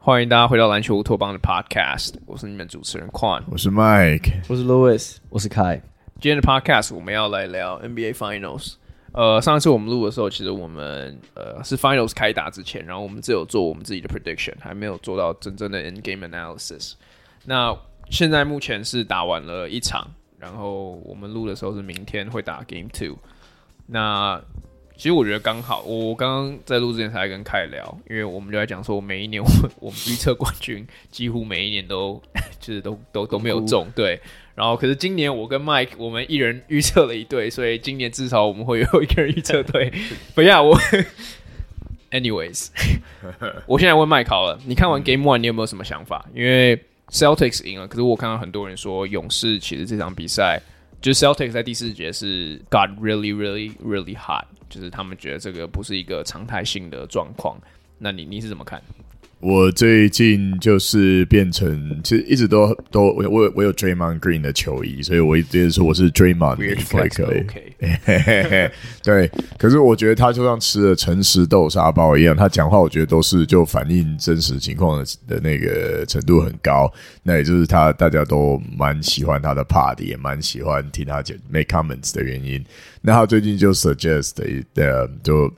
歡迎大家回到籃球烏托邦的 Podcast，我是你們主持人 Quan，我是 Mike，我是 Louis，我是 Kai。今天的 Podcast 我們要來聊 NBA Finals。呃，上一次我們錄的時候，其實我們呃是 Finals 開打之前，然後我們只有做我們自己的 prediction，還沒有做到真正的 in-game analysis。那現在目前是打完了一場，然後我們錄的時候是明天會打 Game Two。那其實我覺得剛好，我剛剛在錄之前才跟凱聊，因為我們就在講說，每一年我們 我們預測冠軍幾乎每一年都就是都都都，都沒有中對。然後可是今年我跟 Mike 我們一人預測了一隊，所以今年至少我們會有一個人預測對。不 要 But yeah ,我 ，anyways， 我現在問 Mike 好了，你看完 Game One 你有沒有什麼想法？因為 Celtics 贏了，可是我看到很多人說勇士其實這場比賽，就是 Celtics 在第四節是 got really really really hot，就是他們覺得這個不是一個常態性的狀況。那你你是怎麼看？我最近就是變成，其實一直都都我我我有 Draymond Green 的球衣，所以我一直說我是 Draymond 的 fans。OK，對，可是我覺得他就像吃了誠實豆沙包一樣，他講話我覺得都是就反映真實情況的那個程度很高。那也就是他大家都蠻喜歡他的 party，也蠻喜歡聽他講 make comments 的原因。那他最近就 suggest、um, 就。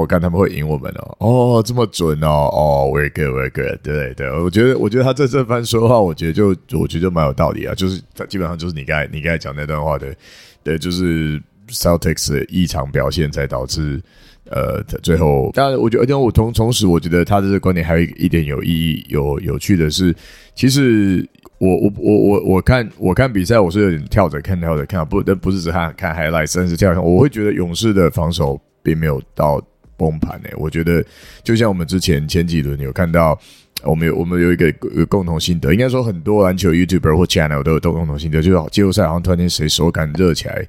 我看他們會贏我們哦哦這麼準哦哦我也 good 我也 good 對對,對我覺得我覺得他在這番說話我覺得就，我覺得就我覺得蠻有道理啊，就是他基本上就是你剛才你剛才講那段話的，對，就是 Celtics 的異常表現才導致呃最後當然我覺得而且我同同時我覺得他這個觀點還有一點有意義有有趣的是，其實我我我我我看我看比賽我是有點跳着看跳着看不但不是只看看 Highlights，但是跳着看我會覺得勇士的防守並沒有到。崩盤誒、欸，我覺得就像我們之前前幾輪有看到，我們有我們有一個有共同心得，應該說很多籃球 YouTuber 或 Channel 都有共同心得，就是季後賽好像突然間誰手感熱起來，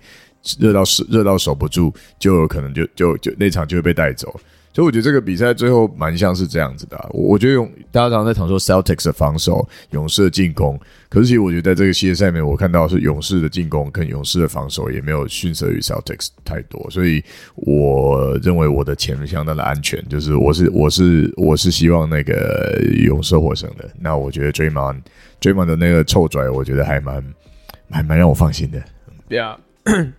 熱到熱到守不住，就有可能就就就，就那場就會被帶走。所以我覺得這個比賽最後蠻像是這樣子的，啊我。我覺得用大家常常在講說 Celtics 的防守，勇士的進攻。可是，其實我覺得在這個系列賽裡面，我看到是勇士的進攻跟勇士的防守也沒有遜色於 Celtics 太多，所以我認為我的前面相當的安全，就是我是我是我是希望那個勇士獲勝的。那我覺得 Draymond Draymond 的那個臭拽，我覺得還蠻還蠻讓我放心的。對啊，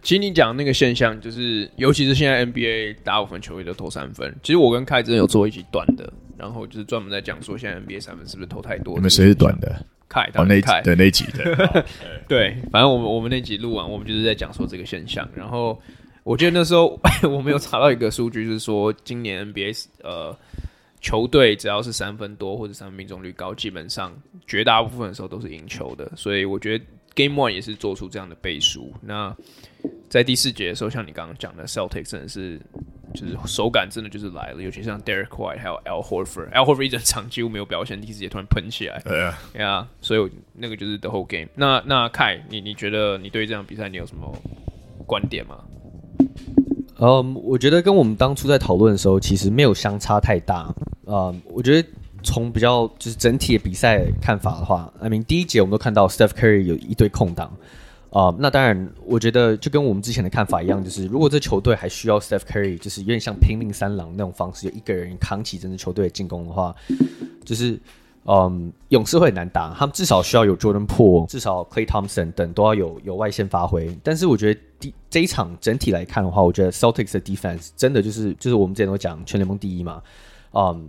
其實你講那個現象，就是尤其是現在 NBA 打五分球，也就投三分。其實我跟凱真有做一起短的。然後就是專門在講說，現在 NBA 三分是不是投太多？你們誰是短的？凱，王內凱，oh, 那一，對，那一集的，oh, okay. 對，反正我們我們那集錄完，我們就是在講說這個現象。然後我記得那時候 我沒有查到一個數據，就是說今年 NBA 呃球隊只要是三分多或者三分命中率高，基本上絕大部分的時候都是贏球的。所以我覺得。Game One 也是做出這樣的背書。那在第四節的時候，像你剛剛講的，Celtic 真的是就是手感真的就是來了，尤其像 Derek White 還有 Al Horford，Al Horford, Al Horford 一整場幾乎沒有表現，第四節突然噴起來，對啊，所以那個就是 The Whole Game。那那 Kai，你你覺得你對這場比賽你有什麼觀點嗎？嗯、um,，我覺得跟我們當初在討論的時候，其實沒有相差太大啊。Um, 我覺得。從比較就是整體的比賽的看法的話，I mean，第一節我們都看到 Steph Curry 有一堆空檔，嗯，那當然，我覺得就跟我們之前的看法一樣，就是如果這球隊還需要 Steph Curry，就是有點像拼命三郎那種方式，就一個人扛起整支球隊的進攻的話，就是，嗯，勇士會很難打，他們至少需要有 Jordan Poole，至少 Klay Thompson 等都要有有外線發揮。但是我覺得第這一場整體來看的話，我覺得 Celtics 的 Defense 真的就是就是我們之前都講全聯盟第一嘛，嗯。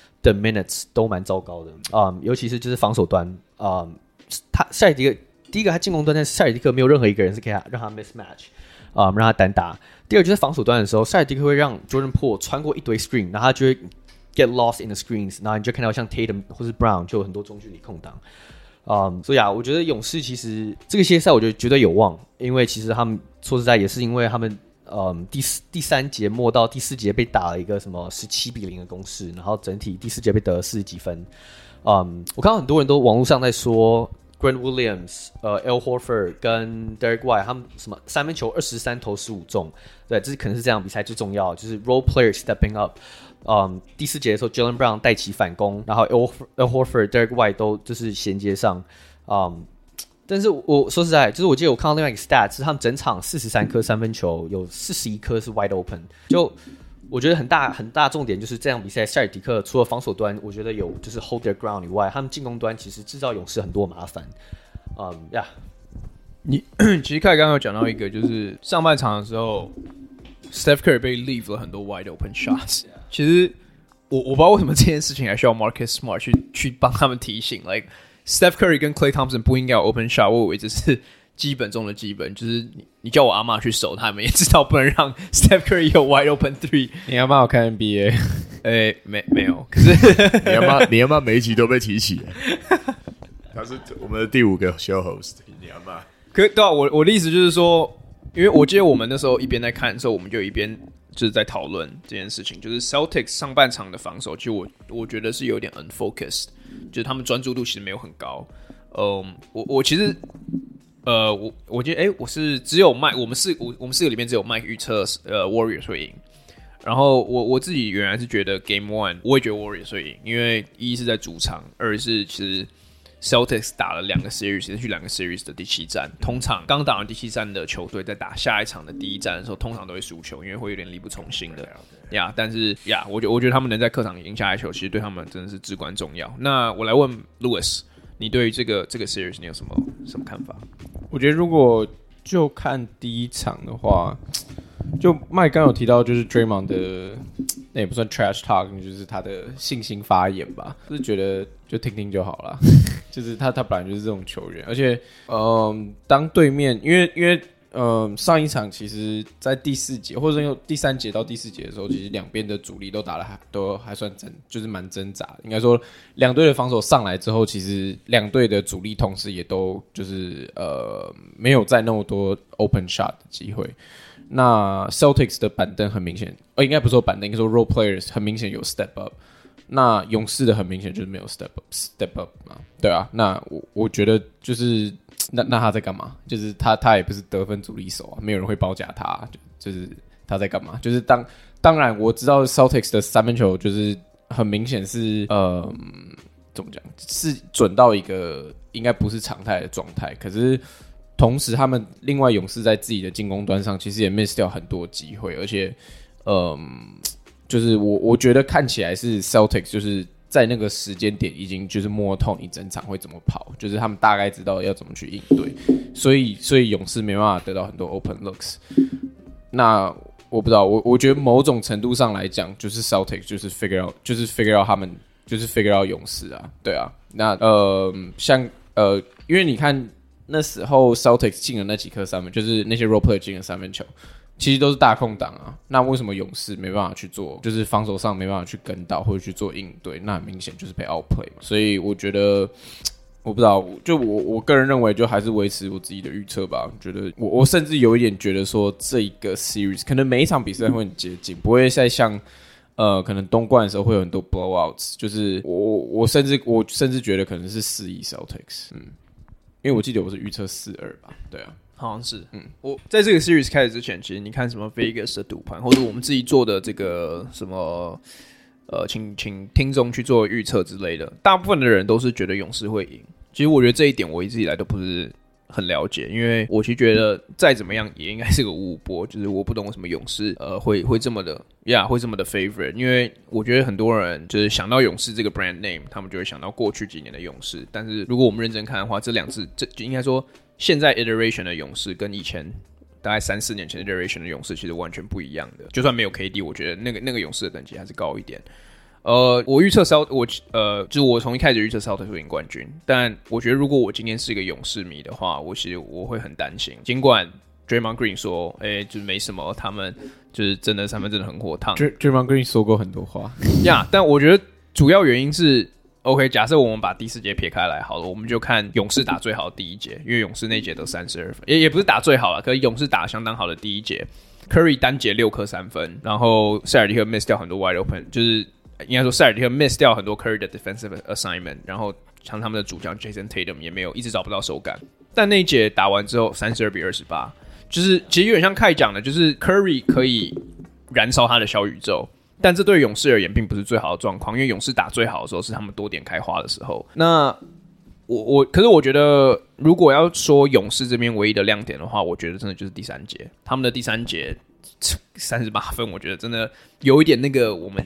The minutes 都蠻糟糕的啊，um, 尤其是就是防守端啊，um, 他賽爾提克第一個他進攻端，但是賽爾提克沒有任何一個人是可以讓他 mismatch 啊、嗯嗯，讓他單打。第二就是防守端的時候，賽爾提克會讓 Jordan Poole 穿過一堆 screen，然後他就會 get lost in the screens，然後你就看到像 Tatum 或是 Brown 就有很多中距離空檔啊。Um, 所以啊，我覺得勇士其實這個系列賽我覺得絕對有望，因為其實他們說實在也是因為他們。嗯，第四第三節末到第四節被打了一個什麼十七比零的攻勢，然後整體第四節被得了四十幾分。嗯，我看到很多人都網絡上在說 Grant Williams 呃、呃 Al Horford 跟 Derrick White 他們什麼三分球二十三投十五中，對，這是可能是這樣比賽最重要，就是 Role Player Stepping Up。嗯，第四節的時候，Jalen Brown 帶起反攻，然後 Al Al Horford、Derrick White 都就是銜接上，嗯。但是我，我說實在的，就是我記得我看到另外一個 stats，他們整場四十三顆三分球，有四十一顆是 wide open。就我覺得很大很大重點，就是這場比賽賽爾提克除了防守端，我覺得有就是 hold their ground 以外，他們進攻端其實製造勇士很多麻煩。嗯、um, yeah.，呀，你其實凱剛剛有講到一個，就是上半場的時候，Steph Curry 被 leave 了很多 wide open shots。Yeah. 其實我我不知道為什麼這件事情還需要 Marcus Smart 去去幫他們提醒，like。Steph Curry 跟 Klay Thompson 不應該有 open shot。我以為這是基本中的基本，就是你叫我阿媽去守他們也知道不能讓 Steph Curry 有 wide open three。你阿嬤有看 NBA？誒、欸，沒沒有，可是 你阿嬤，你阿嬤每一集都被提起， 他是我們的第五個 show host，你阿嬤。可對、啊，我我的意思就是說，因為我記得我們那時候一邊在看的時候，我們就一邊。就是在討論這件事情，就是 Celtics 上半場的防守，其實我我覺得是有點 unfocused，就是他們專注度其實沒有很高。嗯，我我其實，呃，我我覺得，誒、欸，我是只有 Mike，我們四我我們四個裡面只有 Mike 預測呃 Warriors 會贏，然後我我自己原來是覺得 Game One 我也覺得 Warriors 會贏，因為一是在主場，二是其實。Celtics 打了兩個 series，連續兩個 series 的第七戰。通常剛打完第七戰的球隊，在打下一場的第一戰的時候，通常都會輸球，因為會有點力不從心的呀。Okay, okay. Yeah, 但是呀，yeah, 我覺我覺得他們能在客場贏下一球，其實對他們真的是至關重要。那我來問 Louis，你對於這個這個 series，你有什麼什麼看法？我覺得如果就看第一場的話。就麥剛剛有提到，就是 Draymond 的那也不算 trash talk，就是他的信心發言吧，就是覺得就聽聽就好了。 就是他他本來就是這種球員，而且，嗯、呃，當對面因為因為嗯、呃、上一場其實在第四節，或者是用第三節到第四節的時候，其實兩邊的主力都打了還都還算真就是蠻掙扎。應該說兩隊的防守上來之後，其實兩隊的主力同時也都就是呃沒有在那麼多 open shot 的機會。那 Celtics 的板凳很明顯，呃，應該不是說板凳，應該說 role players 很明顯有 step up。那勇士的很明顯就是沒有 step up，step up 嘛，對啊，那我我覺得就是那那他在幹嘛？就是他他也不是得分主力手啊，沒有人會包夾他啊，就就是他在幹嘛？就是當當然我知道 Celtics 的三分球就是很明顯是呃怎麼講是準到一個應該不是常態的狀態，可是。同時，他們另外勇士在自己的進攻端上，其實也 miss 掉很多機會。而且，嗯，就是我我覺得看起來是 Celtics，就是在那個時間點已經就是摸透你整場會怎麼跑，就是他們大概知道要怎麼去應對。所以，所以勇士沒辦法得到很多 open looks。那我不知道，我我覺得某種程度上來講，就是 Celtics，就是 figure out，就是 figure out 他們，就是 figure out 勇士啊，對啊。那呃，像呃，因為你看。那時候 Celtics 進了那幾顆三分，就是那些 role player 進的三分球，其實都是大空檔啊。那為什麼勇士沒辦法去做，就是防守上沒辦法去跟到或者去做應對？那很明顯就是被 out play。所以我覺得，我不知道，就我我個人認為，就還是維持我自己的預測吧。我覺得我我甚至有一點覺得說，這一個 series 可能每一場比賽會很接近，不會再像呃，可能東冠的時候會有很多 blowouts。就是我我我甚至我甚至覺得可能是四億 Celtics 嗯。因為我記得我是預測四二吧，對啊，好像是，嗯，我在這個 series 開始之前，其實你看什麼 Vegas 的賭盤，或者我們自己做的這個什麼，呃，請請聽眾去做預測之類的，大部分的人都是覺得勇士會贏。其實我覺得這一點，我一直以來都不是很了解，因為我其實覺得再怎麼樣也應該是個五五波，就是我不懂為什麼勇士呃會會這麼的呀，會這麼的，yeah, 這麼的 favorite。因為我覺得很多人就是想到勇士這個 brand name，他們就會想到過去幾年的勇士。但是如果我們認真看的話，這兩次這就應該說現在 iteration 的勇士跟以前大概三四年前 iteration 的勇士其實完全不一樣的。就算沒有 KD，我覺得那個那個勇士的等級還是高一點。呃，我預測是奧，我呃，就我從一開始預測是奧拓贏冠軍。但我覺得，如果我今天是一個勇士迷的話，我其實我會很擔心。儘管 Draymond Green 說，誒、欸，就是沒什麼，他們就是真的三分真的很火燙。Draymond Green 說過很多話呀， yeah, 但我覺得主要原因是，OK，假設我們把第四節撇開來好了，我們就看勇士打最好的第一節，因為勇士那節得三十二分，也也不是打最好了，可是勇士打相當好的第一節，Curry 單節六顆三分，然後塞爾蒂克 miss 掉很多 wide open，就是。應該說，賽爾提克 miss 掉很多 Curry 的 defensive assignment，然後像他們的主將 Jason Tatum 也沒有一直找不到手感。但那一節打完之後，三十二比二十八，就是其實有點像凱講的，就是 Curry 可以燃燒他的小宇宙，但這對勇士而言並不是最好的狀況，因為勇士打最好的時候是他們多點開花的時候。那我我可是我覺得，如果要說勇士這邊唯一的亮點的話，我覺得真的就是第三節，他們的第三節三十八分，我覺得真的有一點那個我們。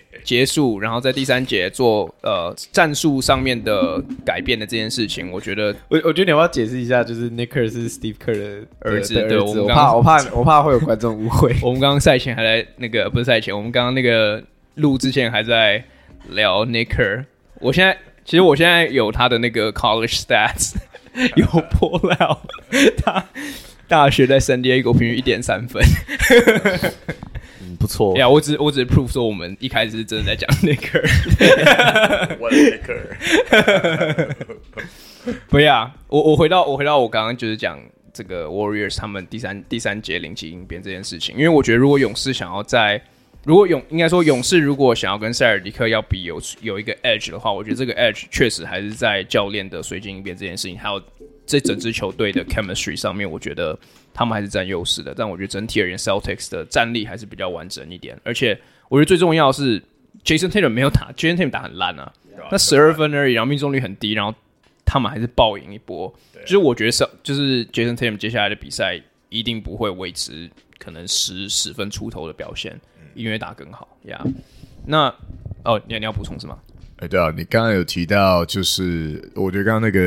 結束，然後在第三節做呃戰術上面的改變的這件事情，我覺得我我覺得你要，不要解釋一下，就是 Nicker 是 Steve Kerr 的，兒的兒子。對的我，我怕我怕我怕會有觀眾誤會。 我們剛剛賽前還在那個不是賽前，我們剛剛那個錄之前還在聊 Nicker。我現在其實我現在有他的那個 College stats， 有破了。他大學在 NBA 投平均一點三分。 不錯呀，yeah，我只我只是 prove 說我們一開始是真的在講那個，我的那個，不要，我我回到我回到我剛剛就是講這個 Warriors 他們第三第三節臨機應變這件事情，因為我覺得如果勇士想要在，如果勇，應該說勇士如果想要跟賽爾提克要比有有一個 edge 的話，我覺得這個 edge 確實還是在教練的隨機應變這件事情，還有。在整支球隊的 chemistry 上面，我覺得他們還是佔優勢的。但我覺得整體而言，Celtics 的戰力還是比較完整一點。而且，我覺得最重要是 Jayson Tatum 沒有打，Jayson Tatum 打很爛啊，yeah. 那十二分而已，yeah. 然後命中率很低，然後他們還是爆贏一波。Yeah. 就是我覺得是，就是 Jayson Tatum 接下來的比賽一定不會維持可能十十分出頭的表現，mm. 因為打更好呀。Yeah. 那哦，你要你要補充是嗎？哎，對啊，你剛剛有提到，就是我覺得剛剛那個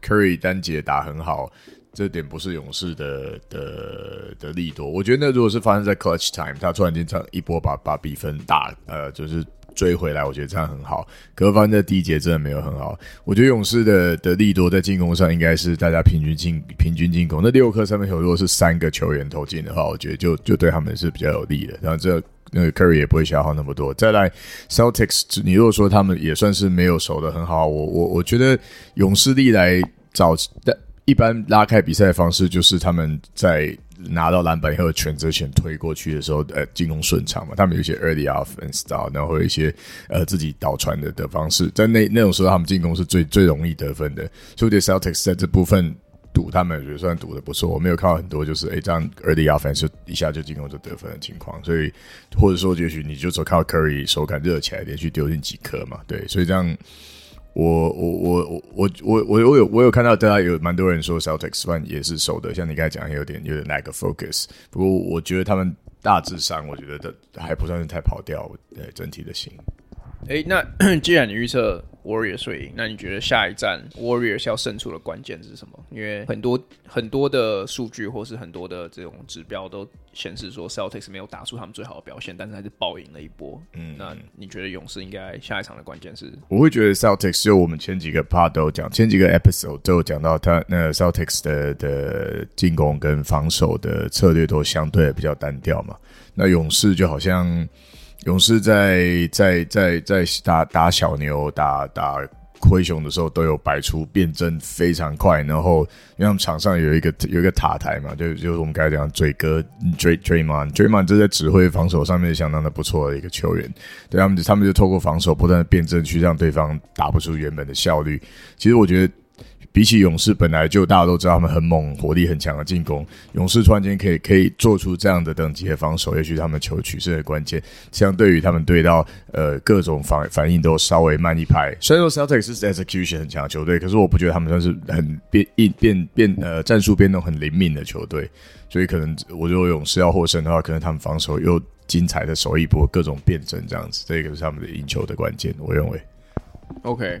Curry 單節打很好，這點不是勇士的的的利多，我覺得那如果是發生在 clutch time，他突然間唱一波把把比分打呃，就是。追回來，我覺得這樣很好。格方的第一節真的沒有很好。我覺得勇士的的利多在進攻上應該是大家平均進平均進攻。那六顆三分球如果是三個球員投進的話，我覺得就就對他們是比較有利的。然後這那個 Curry 也不會消耗那麼多。再來，Celtics，你如果說他們也算是沒有守得很好，我我我覺得勇士歷來早的一般拉開比賽的方式就是他們在。拿到籃板以後，全責權推過去的時候，呃，進攻順暢嘛。他們有一些 early offense，然後有一些呃自己倒傳的的方式，在那那種時候，他們進攻是最最容易得分的。所以，對 Celtics 在這部分賭，他們也得算賭的不錯。我沒有看到很多就是誒、欸，這樣 early offense 一下就進攻就得分的情況。所以，或者說，也許你就只靠 Curry 手感熱起來，連續丟進幾顆嘛。對，所以這樣。我我我我我我我有我有看到大家有蠻多人說 Celtics 反也是守的，像你剛才講的有點有點那、like、個 focus，不過我覺得他們大致上我覺得都還不算是太跑調，對整體的型。誒、欸，那 既然你預測。Warriors 隊，那你覺得下一站 Warriors 要勝出的關鍵是什麼？因為很多很多的數據，或是很多的這種指標都顯示說 Celtics 沒有打出他們最好的表現，但是還是爆贏了一波。嗯，那你覺得勇士應該下一場的關鍵是？我會覺得 Celtics 就我們前幾個 part 都有講，前幾個 episode 都有講到他，他那 Celtics 的的進攻跟防守的策略都相對比較單調嘛。那勇士就好像。勇士在在在在，在打打小牛打打灰熊的時候，都有擺出變陣非常快，然後因為他們場上有一個有一個塔台嘛，就就是我們剛才講嘴哥 Dray Draymond Draymond 這在指揮防守上面相當的不錯的一個球員，對，他們他們就透過防守不斷的變陣，去讓對方打不出原本的效率。其實我覺得。比起勇士本來就大家都知道他們很猛，火力很強的進攻，勇士突然間可以可以做出這樣的等級的防守，也許他們球取勝的關鍵，相對於他們對到呃各種反反應都稍微慢一拍。雖然說 Celtics 是 execution 很強的球隊，可是我不覺得他們算是很變一變變，變，變呃戰術變動很靈敏的球隊，所以可能我覺得勇士要獲勝的話，可能他們防守又精彩的守一波各種變陣這樣子，這個是他們的贏球的關鍵，我認為。OK。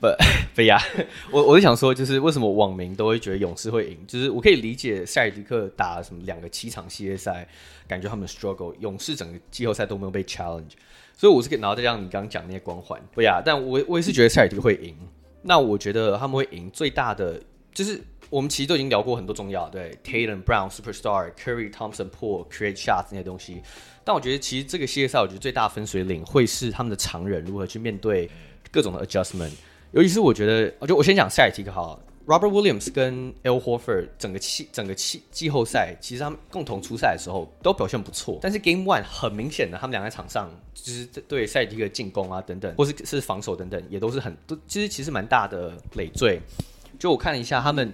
不，不呀，我我是想說，就是為什麼網民都會覺得勇士會贏？就是我可以理解塞爾迪克打什麼兩個七場系列賽，感覺他們 struggle，勇士整個季後賽都沒有被 challenge，所以我是可以拿在講你剛剛講那些光環，不呀，但我我也是覺得塞爾迪克會贏。那我覺得他們會贏最大的，就是我們其實都已經聊過很多重要，對 Tatum Brown superstar，Curry Thompson Paul create shots 那些東西，但我覺得其實這個系列賽我覺得最大分水嶺會是他們的常人如何去面對各種的 adjustment。尤其是我覺得，就我先講賽爾提克哈，Robert Williams 跟 Al Horford 整個季整個季季後賽，其實他們共同出賽的時候都表現不錯，但是 Game One 很明顯的，他們兩個在場上就是對賽爾提克的進攻啊等等，或是是防守等等，也都是很都其實其實蠻大的累贅。就我看了一下，他們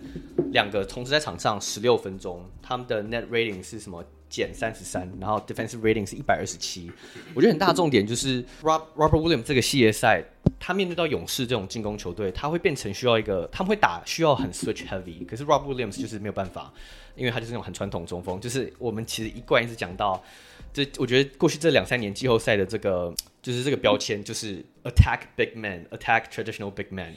兩個同時在場上十六分鐘，他們的 Net Rating 是什麼？減三十三，然後 defensive rating 是一百二十七。我覺得很大重點就是 Rob Robert Williams 這個系列賽，他面對到勇士這種進攻球隊，他會變成需要一個，他們會打需要很 switch heavy。可是 Rob Williams 就是沒有辦法，因為他就是那種很傳統中鋒。就是我們其實一貫一直講到，這我覺得過去這兩三年季後賽的這個就是這個標籤，就是 attack big man，attack traditional big man。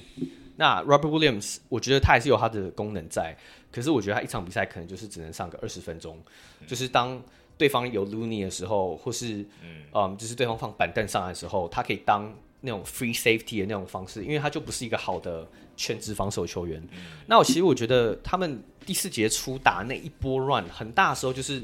那 Robert Williams，我覺得他還是有他的功能在，可是我覺得他一場比賽可能就是只能上個二十分鐘、嗯，就是當對方有 Looney 的時候，或是嗯，嗯，就是對方放板凳上來的時候，他可以當那種 free safety 的那種方式，因為他就不是一個好的全職防守球員、嗯。那我其實我覺得他們第四節初打那一波亂很大的時候，就是。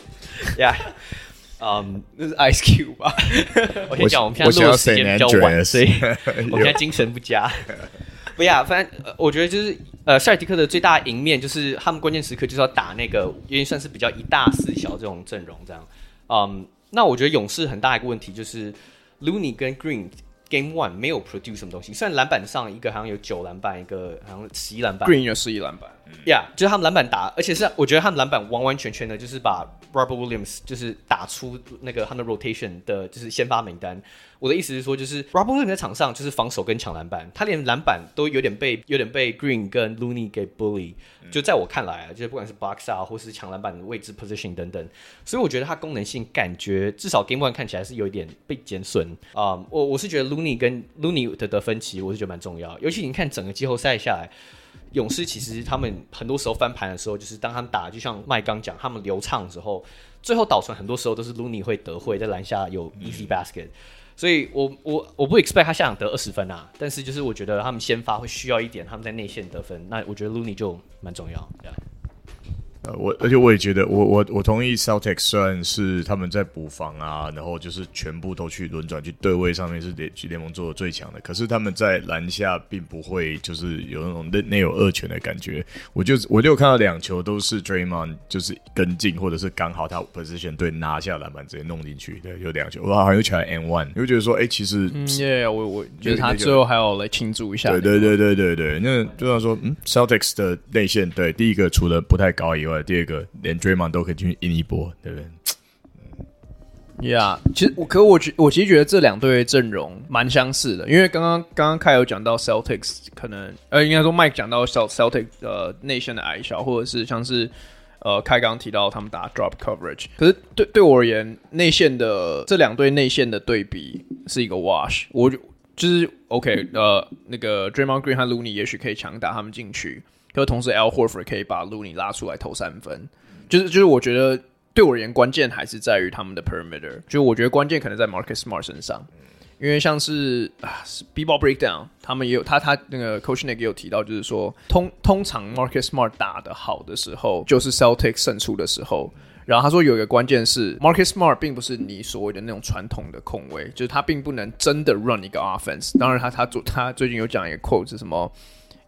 yeah，嗯，那是 Ice Cube 吧，我。我先講，我們現在錄的時間比較晚，想要所以我們現在精神不佳。不呀，反正、呃、我覺得就是呃，塞爾提克的最大贏面就是他們關鍵時刻就是要打那個，因為算是比較一大四小這種陣容這樣。嗯、um,，那我覺得勇士很大一個問題就是 Looney 跟 Green Game One 沒有 produce 什麼東西，雖然籃板上一個好像有九籃板，一個好像十一籃板，Green 有十一籃板。Yeah，就是他們籃板打，而且是我覺得他們籃板完完全全的，就是把 Robert Williams 就是打出那個他的 rotation 的就是先發名單。我的意思是說，就是 Robert Williams 在場上就是防守跟搶籃板，他連籃板都有點被有點被 Green 跟 Looney 給 bully。就在我看來，就是不管是 box out，或是搶籃板的位置 position 等等，所以我覺得他功能性感覺至少 Game One 看起來是有一點被減損啊。Um, 我我是覺得 Looney 跟 Looney 的得分奇，我是覺得蠻重要，尤其你看整個季後賽下來。勇士其實他們很多時候翻盤的時候，就是當他們打，就像麥剛講，他們流暢的時候，最後倒傳很多時候都是 Looney 會得會在籃下有 easy basket，嗯嗯，所以我我我不 expect 他下場得二十分啊，但是就是我覺得他們先發會需要一點，他們在內線得分，那我覺得 Looney 就蠻重要的。Yeah. 呃、啊，我而且我也覺得我，我我我同意 Celtics 算是他們在補防啊，然後就是全部都去輪轉去對位上面是聯聯盟做的最強的，可是他們在籃下並不會就是有那種內內有惡犬的感覺。我就我就看到兩球都是 Draymond 就是跟進或者是剛好他 Position 對拿下籃板直接弄進去，對，就兩球哇，好像又搶 N one，又覺得說，哎、欸，其實因、嗯 yeah, 我我覺得、就是、他最後還要來慶祝一下 N2，對，對對對對對對，嗯、那就像說，嗯 Celtics 的內線對第一個除了不太高以外。對，第二個連 Draymond 都可以進去贏一波，對不對？呀、yeah，其實我可我覺我其實覺得這兩隊陣容蠻相似的，因為剛剛剛剛 Kai 有講到 Celtics 可能呃，應該說 Mike 講到 Celtics 呃內線的矮小，或者是像是呃 Kai 剛剛提到他們打 drop coverage，可是對對我而言內線的這兩隊內線的對比是一個 wash，我就是 OK 呃那個 Draymond Green 和 Luni 也許可以強打他們進去。就同時，L 或弗可以把盧 y 拉出來投三分，就是就是，我覺得對我而言，關鍵還是在於他們的 p e r i m e t e r，就我覺得關鍵可能在 m a r k e t Smart 身上，因為像是啊，Beball Breakdown 他們也有他他那個 Coach、Nick、也有提到，就是說通通常 m a r k e s Smart 打的好的時候，就是 Celtic 勝出的時候。然後他說有一個關鍵是 m a r k e t Smart 並不是你所謂的那種傳統的控衛，就是他並不能真的 run 一個 offense。當然他，他他做他最近有講一個 quote 是什麼？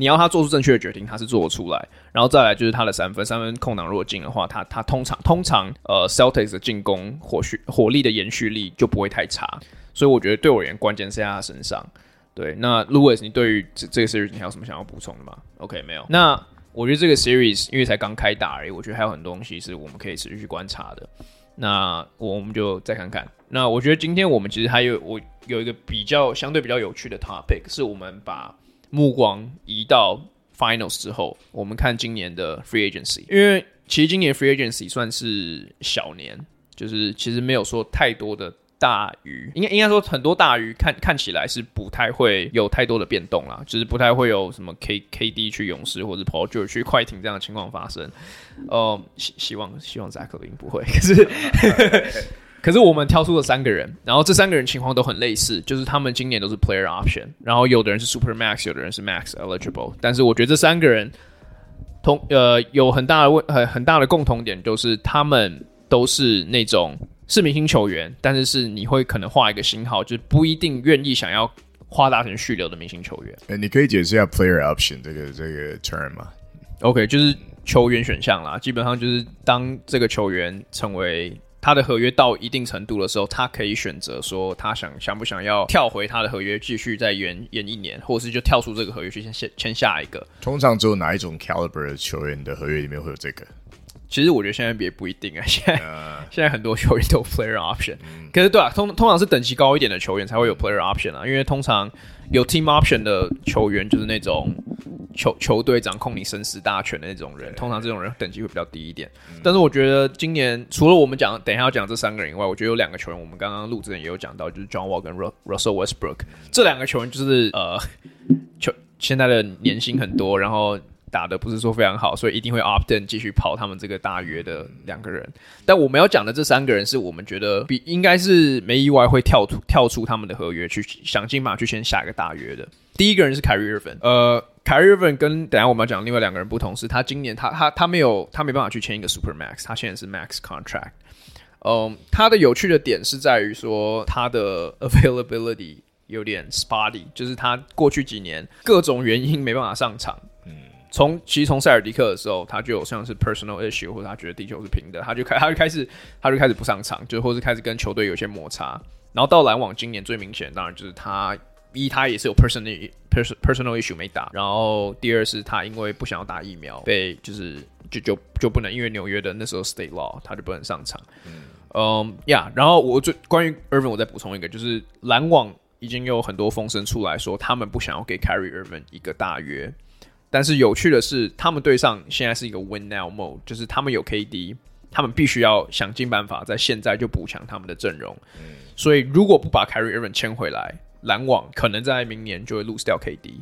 你要他做出正確的決定，他是做得出來。然後再來就是他的三分，三分空檔如果進的話，他他通常通常呃，Celtics 的進攻火續火力的延續力就不會太差。所以我覺得對我而言，關鍵是在他身上。對，那 Lewis，你對於這這個 series 你還有什麼想要補充的嗎？OK，沒有。那我覺得這個 series 因為才剛開打而已，我覺得還有很多東西是我們可以持續去觀察的。那我們就再看看。那我覺得今天我們其實還有我有一個比較相對比較有趣的 topic，是我們把。目光移到 finals 之後，我們看今年的 free agency，因為其實今年 free agency 算是小年，就是其實沒有說太多的大魚，應該應該說很多大魚看看起來是不太會有太多的變動啦，就是不太會有什麼 K KD 去勇士或者 Paul George 去快艇這樣的情況發生，呃、嗯，希望希望希望 Zach LaVine 不會，可是。 可是我們挑出了三個人，然後這三個人情況都很類似，就是他們今年都是 player option，然後有的人是 super max，有的人是 max eligible，但是我覺得這三個人同呃有很大的問很、呃、很大的共同點，就是他們都是那種是明星球員，但是是你會可能畫一個星號，就是不一定願意想要花大錢續留的明星球員。哎，你可以解釋一下 player option 這個這個 term 嗎？OK，就是球員選項啦，基本上就是當這個球員成為。他的合約到一定程度的時候，他可以選擇說他想想不想要跳回他的合約，繼續再延延一年，或者是就跳出這個合約去簽簽下一個。通常只有哪一種 caliber 的球員的合約裡面會有這個？其實我覺得現在也不一定啊。現在、uh, 現在很多球員都有 player option，、嗯、可是對啊，通通常是等級高一點的球員才會有 player option 啊，因為通常有 team option 的球員就是那種。球球隊掌控你生死大權的那種人，通常這種人等級會比較低一點。嗯、但是我覺得今年除了我們講等一下要講這三個人以外，我覺得有兩個球員，我們剛剛錄之前也有講到，就是 John Wall 跟 Russell Westbrook 這兩個球員，就是呃球現在的年薪很多，然後打的不是說非常好，所以一定會 opt in 繼續跑他們這個大約的兩個人。但我們要講的這三個人是我們覺得比應該是沒意外會跳出跳出他們的合約去想盡辦法去簽下一個大約的。第一個人是 Kyrie Irving，呃。Kyrie Irving 跟等下我們要講另外兩個人不同是，他今年他他他沒有他沒辦法去簽一個 Super Max，他現在是 Max Contract。嗯，他的有趣的點是在於說他的 Availability 有點 spotty，就是他過去幾年各種原因沒辦法上場。嗯，從其實從塞爾迪克的時候，他就有像是 Personal Issue，或者他覺得地球是平的，他就開他就開始他就開始不上場，就或是開始跟球隊有些摩擦。然後到籃網今年最明顯，當然就是他。一，他也是有 personal、personal issue 沒打。然後，第二是他因為不想要打疫苗，被就是就就就不能，因為紐約的那時候 state law，他就不能上場。嗯，呀、um, yeah,。然後我最關於 Irving，我再補充一個，就是籃網已經有很多風聲出來說，他們不想要給 Kyrie Irving 一個大約。但是有趣的是，他們隊上現在是一個 win now mode，就是他們有 KD，他們必須要想盡辦法在現在就補強他們的陣容。嗯、所以如果不把 Kyrie Irving 簽回來，籃網可能在明年就會 lose 掉 KD，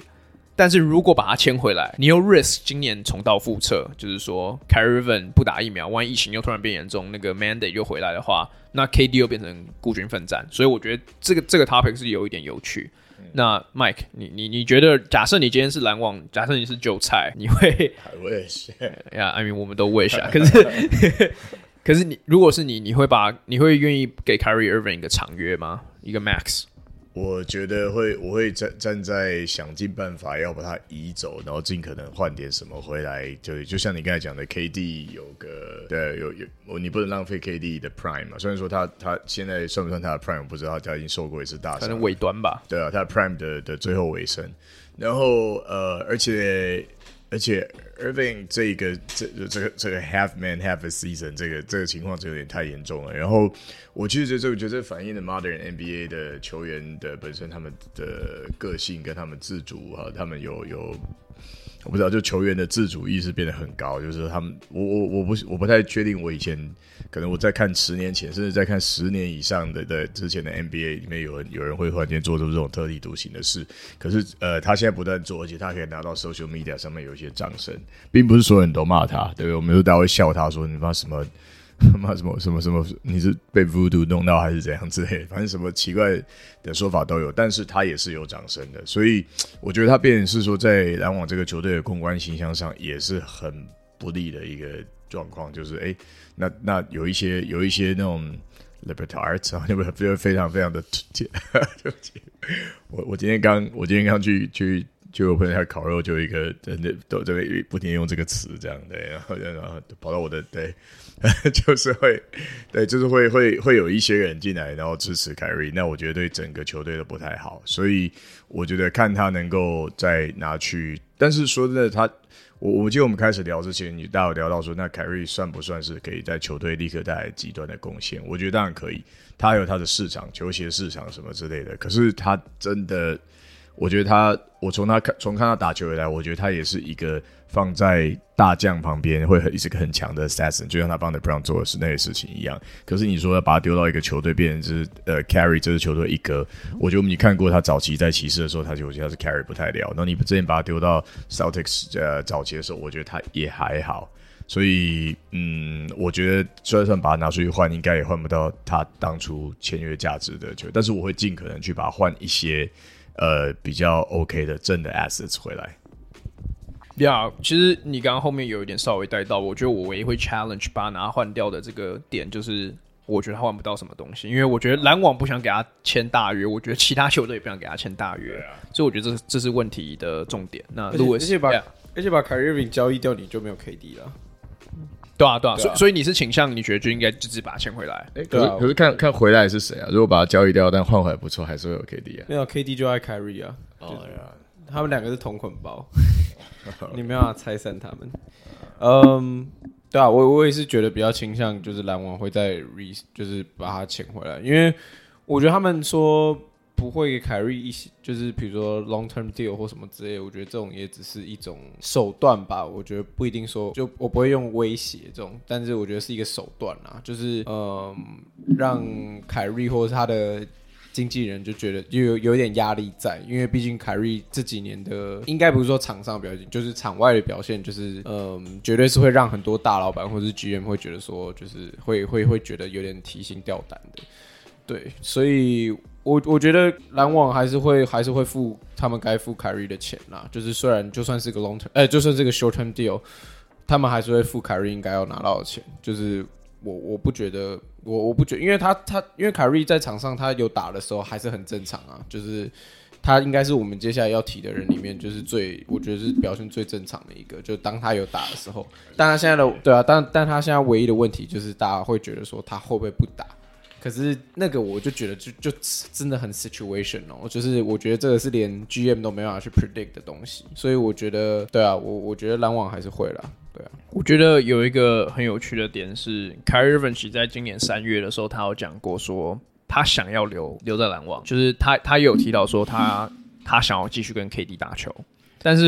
但是如果把他簽回來，你又 risk 今年重蹈覆轍，就是說，Kyrie Irving 不打疫苗，萬一疫情又突然變嚴重，那個 mandate 又回來的話，那 KD 又變成孤軍奮戰。所以我覺得這個這個 topic 是有一點有趣。嗯、那 Mike，你你你覺得，假設你今天是籃網，假設你是韭菜，你會？I wish，呀、yeah,，I mean 我們都 wish，、啊、 可是呵呵可是你如果是你，你會把你會願意給 Kyrie Irving 一個長約嗎？一個 max？我覺得會，我會站站在想盡辦法要把它移走，然後盡可能換點什麼回來。就就像你剛才講的，K D 有個，對，有有你不能浪費 K D 的 Prime 嘛。雖然說他他現在算不算他的 Prime 我不知道，他已經受過一次大傷，但是尾端吧？對啊，他的 Prime 的的最後尾聲。嗯、然後呃，而且而且。Irving 這個這這這個、這個這個、這個 Half Man Half a Season 這個這個情況就有點太嚴重了，然後我其實這我覺得這反映的 Modern NBA 的球員的本身他們的個性跟他們自主哈，他們有有。我不知道，就球員的自主意識變得很高，就是他們，我我我不我不太確定，我以前可能我在看十年前，甚至在看十年以上的在之前的 NBA 裡面有，有人有人會突然間做出這種特立獨行的事。可是，呃，他現在不斷做，而且他可以拿到 social media 上面有一些掌聲，並不是所有人都罵他，對，我們說大家會笑他說你發什麼？他媽什麼什麼什麼？你是被蠱毒弄到還是怎樣之類的？反正什麼奇怪的說法都有，但是他也是有掌聲的，所以我覺得他便是說，在籃網這個球隊的公關形象上，也是很不利的一個狀況。就是誒，那那有一些有一些那種 libtard 啊，你們非常非常的 對不起，我我今天剛我今天剛去去去我朋友家烤肉，就一個人都這，這，這不停用這個詞這樣的，然後然後跑到我的對。 就是會，對，就是會會會有一些人進來，然後支持凱瑞。那我覺得對整個球隊都不太好，所以我覺得看他能夠再拿去。但是說真的，他，我我記得我們開始聊之前，你大家有聊到說，那凱瑞算不算是可以在球隊立刻帶來極端的貢獻？我覺得當然可以，他有他的市場，球鞋市場什麼之類的。可是他真的，我覺得他，我從他看從看他打球以來，我覺得他也是一個。放在大將旁邊會很一直很強的 assassin，就像他幫着 Brown 做的那些事情一樣。可是你說要把他丟到一個球隊變成，就是呃 carry 這支球隊一哥，我覺得你看過他早期在騎士的時候，他就覺得他是 carry 不太了。那你之前把他丟到 Celtics 呃早期的時候，我覺得他也還好。所以嗯，我覺得就算把他拿出去換，應該也換不到他當初簽約價值的球。但是我會盡可能去把他換一些呃比較 OK 的正的 assets 回來。呀、yeah,，其實你剛剛後面有一點稍微帶到，我覺得我唯一會 challenge 把他拿換掉的這個點，就是我覺得他換不到什麼東西，因為我覺得籃網不想給他簽大約，我覺得其他球隊也不想給他簽大約、啊、所以我覺得這這是問題的重點。那如果，路易斯，而且把 yeah, 而且把 Kyrie Irving 交易掉，你就沒有 KD 了。對啊，對啊，對啊所以所以你是傾向你覺得就應該直接把他簽回來？哎、欸，可是、啊、可是看看回來是誰啊？如果把他交易掉，但換回來不錯，還是會有 KD、啊。沒有 KD 就愛凱瑞啊。哎、就、呀、是。Oh, yeah. 他們兩個是同捆包 你沒有辦法拆散他們。嗯，對啊，我我也是覺得比較傾向就是籃網會再 Reese 就是把他請回來，因為我覺得他們說不會給凱瑞一些，就是比如說 long term deal 或什麼之類，我覺得這種也只是一種手段吧。我覺得不一定說就我不會用威脅這種，但是我覺得是一個手段啊，就是嗯，um, 讓凱瑞或者他的。經紀人就覺得有有點壓力在，因為畢竟凱瑞這幾年的，應該不是說場上表現，就是場外的表現，就是嗯、呃，絕對是會讓很多大老闆或是 GM 會覺得說，就是會會會覺得有點提心吊膽的。對，所以我我覺得籃網還是會還是會付他們該付凱瑞的錢吶，就是雖然就算是個 long term，呃、欸，就算這個 short term deal，他們還是會付凱瑞應該要拿到的錢，就是。我我不覺得，我我不覺得，因為他他因為凱瑞在場上他有打的時候還是很正常啊，就是他應該是我們接下來要提的人裡面就是最我覺得是表現最正常的一個，就當他有打的時候，但他現在的對啊，但但他現在唯一的問題就是大家會覺得說他會不會不打。可是那個我就覺得就就真的很 situational 哦，就是我覺得這個是連 GM 都沒辦法去 predict 的東西，所以我覺得對啊，我我覺得籃網還是會啦。對啊，我覺得有一個很有趣的點是，Kyrie Irving 在今年三月的時候，他有講過說他想要留留在籃網，就是他他也有提到說他他想要繼續跟 KD 打球，但是。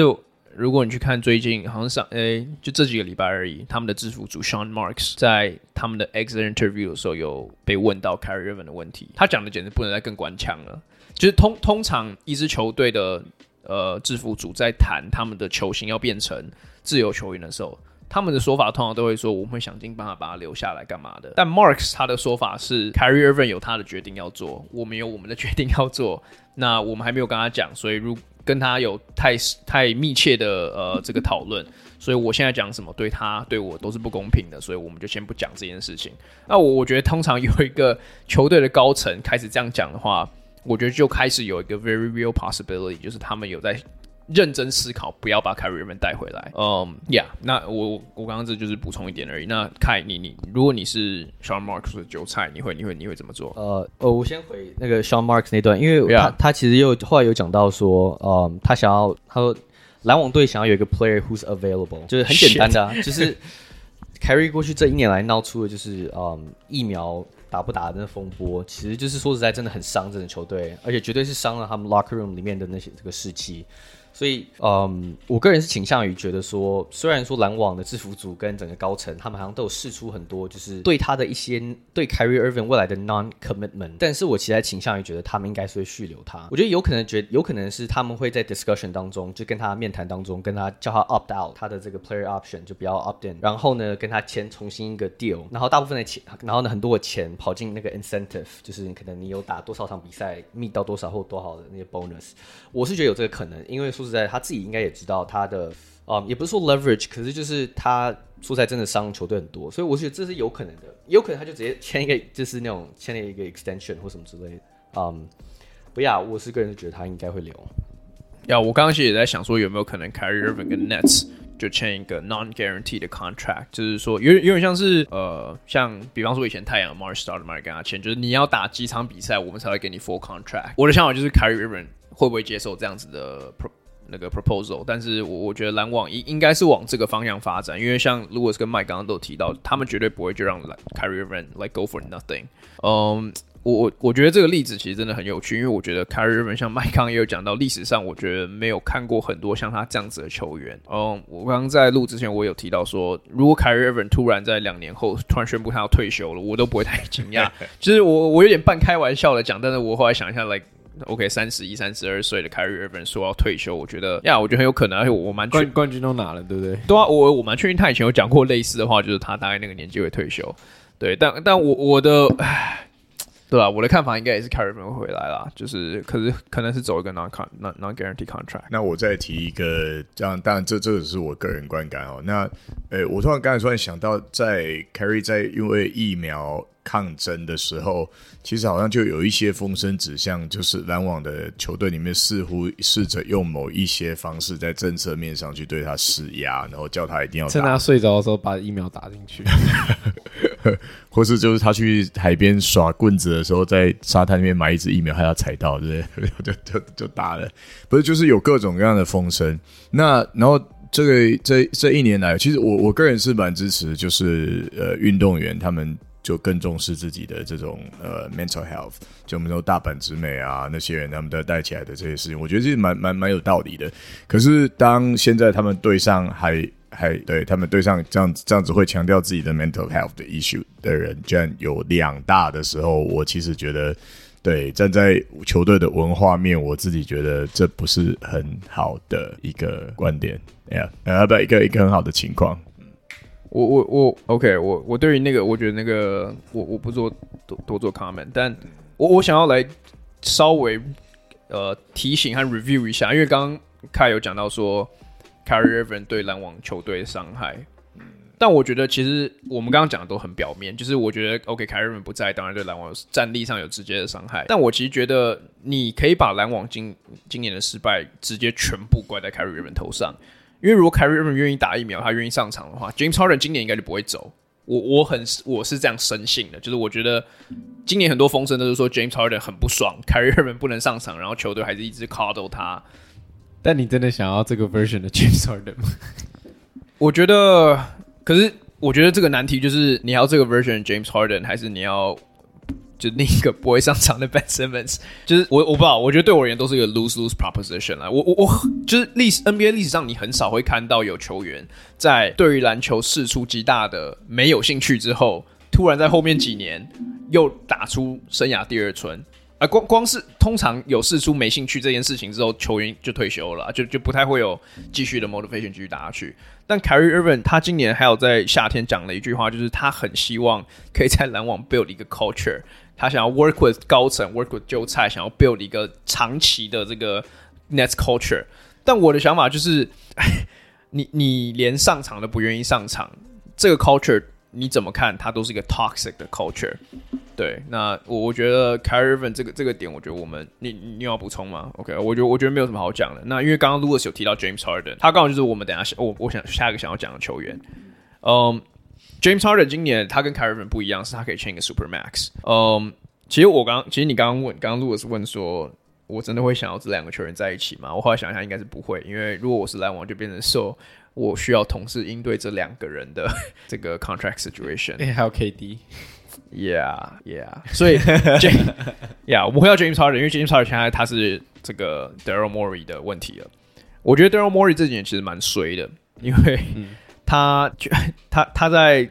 如果你去看最近，好像上誒、欸，就這幾個禮拜而已，他們的制服組 Sean Marks 在他們的 exit interview 的時候，有被問到 Kyrie Irving 的問題，他講的簡直不能再更官腔了。就是通通常一支球隊的呃制服組在談他們的球星要變成自由球員的時候，他們的說法通常都會說我們會想盡辦法把他留下來幹嘛的。但 Marks 他的說法是 Kyrie Irving 有他的決定要做，我們有我們的決定要做，那我們還沒有跟他講，所以如。跟他有太太密切的呃這個討論，所以我現在講什麼對他對我都是不公平的，所以我們就先不講這件事情。那我我覺得通常有一個球隊的高層開始這樣講的話，我覺得就開始有一個 very real possibility，就是他們有在。認真思考，不要把 Kyrie 們帶回來。嗯、um,，Yeah，那我我剛剛這就是補充一點而已。那凱，你你如果你是 Sean Marks 的韭菜，你會你會你會怎麼做？呃、uh, oh,，我先回那個 Sean Marks 那段，因為他、yeah. 他，他其實又後來有講到說，嗯、um,，他想要他說籃網隊想要有一個 Player who's available，就是很簡單的、啊，Shit. 就是 Kyrie 過去這一年來鬧出的就是嗯、um, 疫苗打不打的那風波，其實就是說實在真的很傷這個球隊，而且絕對是傷了他們 Locker Room 裡面的那些這個士氣。所以，嗯，我個人是傾向於覺得說，雖然說籃網的制服組跟整個高層，他們好像都有釋出很多，就是對他的一些對 Kyrie Irving 未來的 non commitment，但是我其實傾向於覺得他們應該是會續留他。我覺得有可能覺，覺有可能是他們會在 discussion 當中，就跟他面談當中，跟他叫他 opt out 他的這個 player option 就不要 opt in，然後呢跟他簽重新一個 deal，然後大部分的錢，然後呢很多的錢跑進那個 incentive，就是可能你有打多少場比賽 meet 到多少或多少的那些 bonus，我是覺得有這個可能，因為說。在他自己應該也知道他的，嗯，也不是說 leverage，可是就是他出賽真的傷球隊很多，所以我是覺得這是有可能的，有可能他就直接簽一個就是那種簽一個 extension 或什麼之類的，嗯，不呀，我是個人覺得他應該會留。呀，我剛剛其實也在想說有沒有可能 Kyrie Irving 跟 Nets 就簽一個 non guaranteed 的 contract，就是說有有點像是呃，像比方說以前太陽 Marsh Star 他們跟他簽，就是你要打幾場比賽我們才會給你 full contract。我的想法就是 Kyrie Irving 會不會接受這樣子的？那個 proposal，但是我我覺得籃網應應該是往這個方向發展，因為像 Louis 跟麥剛剛都有提到，他們絕對不會就讓 Kyrie Irving like go for nothing。嗯，我我覺得這個例子其實真的很有趣，因為我覺得 Kyrie Irving 像麥康也有講到，歷史上我覺得沒有看過很多像他這樣子的球員。嗯，我剛剛在錄之前我有提到說，如果 Kyrie Irving 突然在兩年後突然宣布他要退休了，我都不會太驚訝。其 實我我有點半開玩笑的講，但是我後來想一下，like。OK，三十一、三十二歲的 Kyrie Irving 說要退休，我覺得呀，我覺得很有可能，而且我蠻冠冠軍都拿了，對不對？對啊，我我蠻確定他以前有講過類似的話，就是他大概那個年紀會退休。對，但但我我的，對吧、啊？我的看法應該也是 Kyrie Irving 會回來啦。就是可是可能是走一個 non 拿 guarantee contract。那我再提一個，這樣當然這這只是我個人觀感哦。那誒，我突然剛才突然想到，在 Kyrie 在因為疫苗。抗爭的時候，其實好像就有一些風聲指向，就是籃網的球隊裡面似乎試着用某一些方式在政策面上去對他施壓，然後叫他一定要打，趁他睡着的時候把疫苗打進去， 或是就是他去海邊耍棍子的時候，在沙灘裡面埋一支疫苗，他要踩到，對不對？ 就就就打了，不是？就是有各種各樣的風聲。那然後這個這這一年來，其實我我個人是蠻支持，就是呃，運動員他們。就更重視自己的這種呃 mental health，就我們說大阪直美啊那些人他們都帶起來的這些事情，我覺得這蠻蠻蠻有道理的。可是當現在他們隊上還還對他們隊上這樣子這樣子會強調自己的 mental health 的 issue 的人，居然有兩大的時候，我其實覺得對，站在球隊的文化面，我自己覺得這不是很好的一個觀點，哎呀，要不要一個一個很好的情況。我我我，OK，我我對於那個，我覺得那個，我我不做多多做 comment，但我我想要來稍微呃提醒和 review 一下，因為剛剛凱有講到說，Kyrie Irving 對籃網球隊的傷害，但我覺得其實我們剛剛講的都很表面，就是我覺得 OK，Kyrie Irving 不在，當然對籃網戰力上有直接的傷害，但我其實覺得你可以把籃網今今年的失敗直接全部怪在 Kyrie Irving 頭上。因為如果凱里厄文願意打疫苗，他願意上場的話，James Harden 今年應該就不會走。我我很我是這樣深信的，就是我覺得今年很多風聲都是說 James Harden 很不爽，凱里厄文不能上場，然後球隊還是一直卡到他。但你真的想要這個 version 的 James Harden 嗎？ 我覺得，可是我覺得這個難題就是你要這個 version 的 James Harden，還是你要？就另一個不會上場的 Ben Simmons，就是我我不知道，我覺得對我而言都是一個 lose lose proposition 了。我我我就是歷史 NBA 歷史上，你很少會看到有球員在對於籃球試出極大的沒有興趣之後，突然在後面幾年又打出生涯第二春。啊，光光是通常有試出沒興趣這件事情之後，球員就退休了，就就不太會有繼續的 motivation 繼續打下去。但 Kyrie Irving 他今年還有在夏天講了一句話，就是他很希望可以在籃網 build 一個 culture。他想要 work with 高層，work with Joe Tsai，想要 build 一個長期的這個 net culture。但我的想法就是，你你連上場都不願意上場，這個 culture 你怎麼看？它都是一個 toxic 的 culture。對，那我我覺得 Kyrie Irving 這個這個點，我覺得我們你你，你要補充嗎？OK，我覺得我覺得沒有什麼好講的。那因為剛剛 Lewis 有提到 James Harden，他剛好就是我們等一下我我想下一個想要講的球員，嗯、um,。James Harden 今年他跟 Kevin 不一樣，是他可以簽一個 Super Max、um,。嗯，其實我剛，其實你剛剛問，剛剛如果是問說，我真的會想要這兩個球員在一起嗎？我後來想一下，應該是不會，因為如果我是籃網，就變成 so，我需要同時應對這兩個人的這個 contract situation，還有 KD。Yeah, yeah。所以 James，Yeah，我們回到 James Harden，因為 James Harden 現在他是這個 Daryl Morey 的問題了。我覺得 Daryl Morey 這幾年其實蠻衰的，因為他，嗯、 他，他，他在。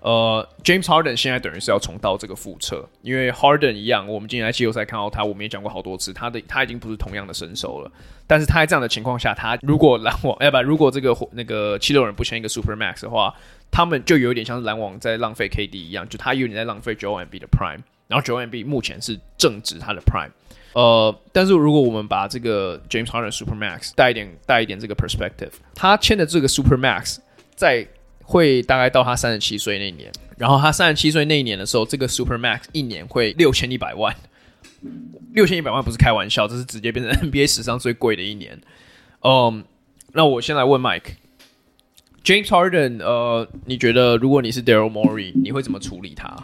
呃，James Harden 現在等於是要重到這個副側，因為 Harden 一樣，我們今天在季後賽看到他，我們也講過好多次，他的他已經不是同樣的身手了。但是他在這樣的情況下，他如果籃網，哎不，如果這個那個七六人不簽一個 Super Max 的話，他們就有點像是籃網在浪費 KD 一樣，就他有點在浪費九 m B 的 Prime，然後九 m B 目前是正值他的 Prime。呃，但是如果我們把這個 James Harden Super Max 帶一點帶一點這個 perspective，他簽的這個 Super Max 在。會大概到他三十七歲那年，然後他三十七歲那一年的時候，這個 Super Max 一年會六千一百萬，六千一百萬不是開玩笑，這是直接變成 NBA 史上最貴的一年。嗯，那我先來問 Mike，James Harden，呃，你覺得如果你是 Daryl Morey，你會怎麼處理他？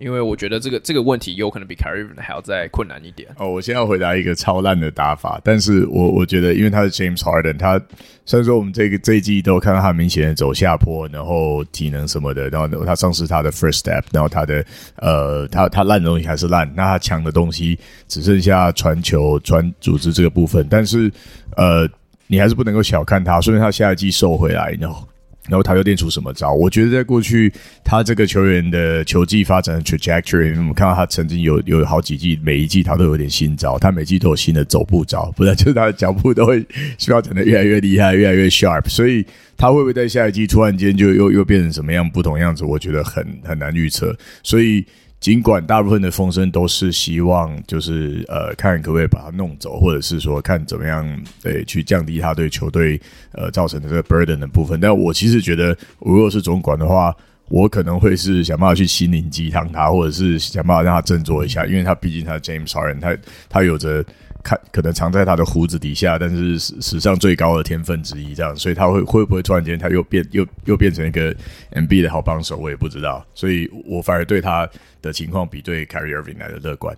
因為我覺得這個這個問題有可能比 Kyrie 還要再困難一點。哦、oh，我先在要回答一個超爛的答法，但是我我覺得，因為他是 James Harden，他雖然說我們這個這一季都看到他明顯的走下坡，然後體能什麼的，然後他喪失他的 first step，然後他的呃，他他爛的東西還是爛，那他強的東西只剩下傳球、傳組織這個部分，但是呃，你還是不能夠小看他，說不定他下一季瘦回來，然後。然後他又練出什麼招？我覺得在過去，他這個球員的球技發展的 trajectory，嗯、我們看到他曾經有有好幾季，每一季他都有點新招，他每季都有新的走步招，不然就是他的腳步都會發展得越來越厲害，越來越 sharp。所以，他會不會在下一季突然間就又又變成什麼樣不同樣子？我覺得很很難預測。所以。儘管大部分的風聲都是希望，就是呃，看可不可以把他弄走，或者是說看怎麼樣，呃，去降低他對球隊呃造成的這個 burden 的部分。但我其實覺得，如果是總管的話，我可能會是想辦法去心靈雞湯他，或者是想辦法讓他振作一下，因為他畢竟他是 James Harden，他他有着。看，可能藏在他的鬍子底下，但是史史上最高的天分之一這樣，所以他會會不會突然間他又變又又變成一個 M B 的好幫手，我也不知道，所以我反而對他的情況比對 Kyrie Irving 來的樂觀。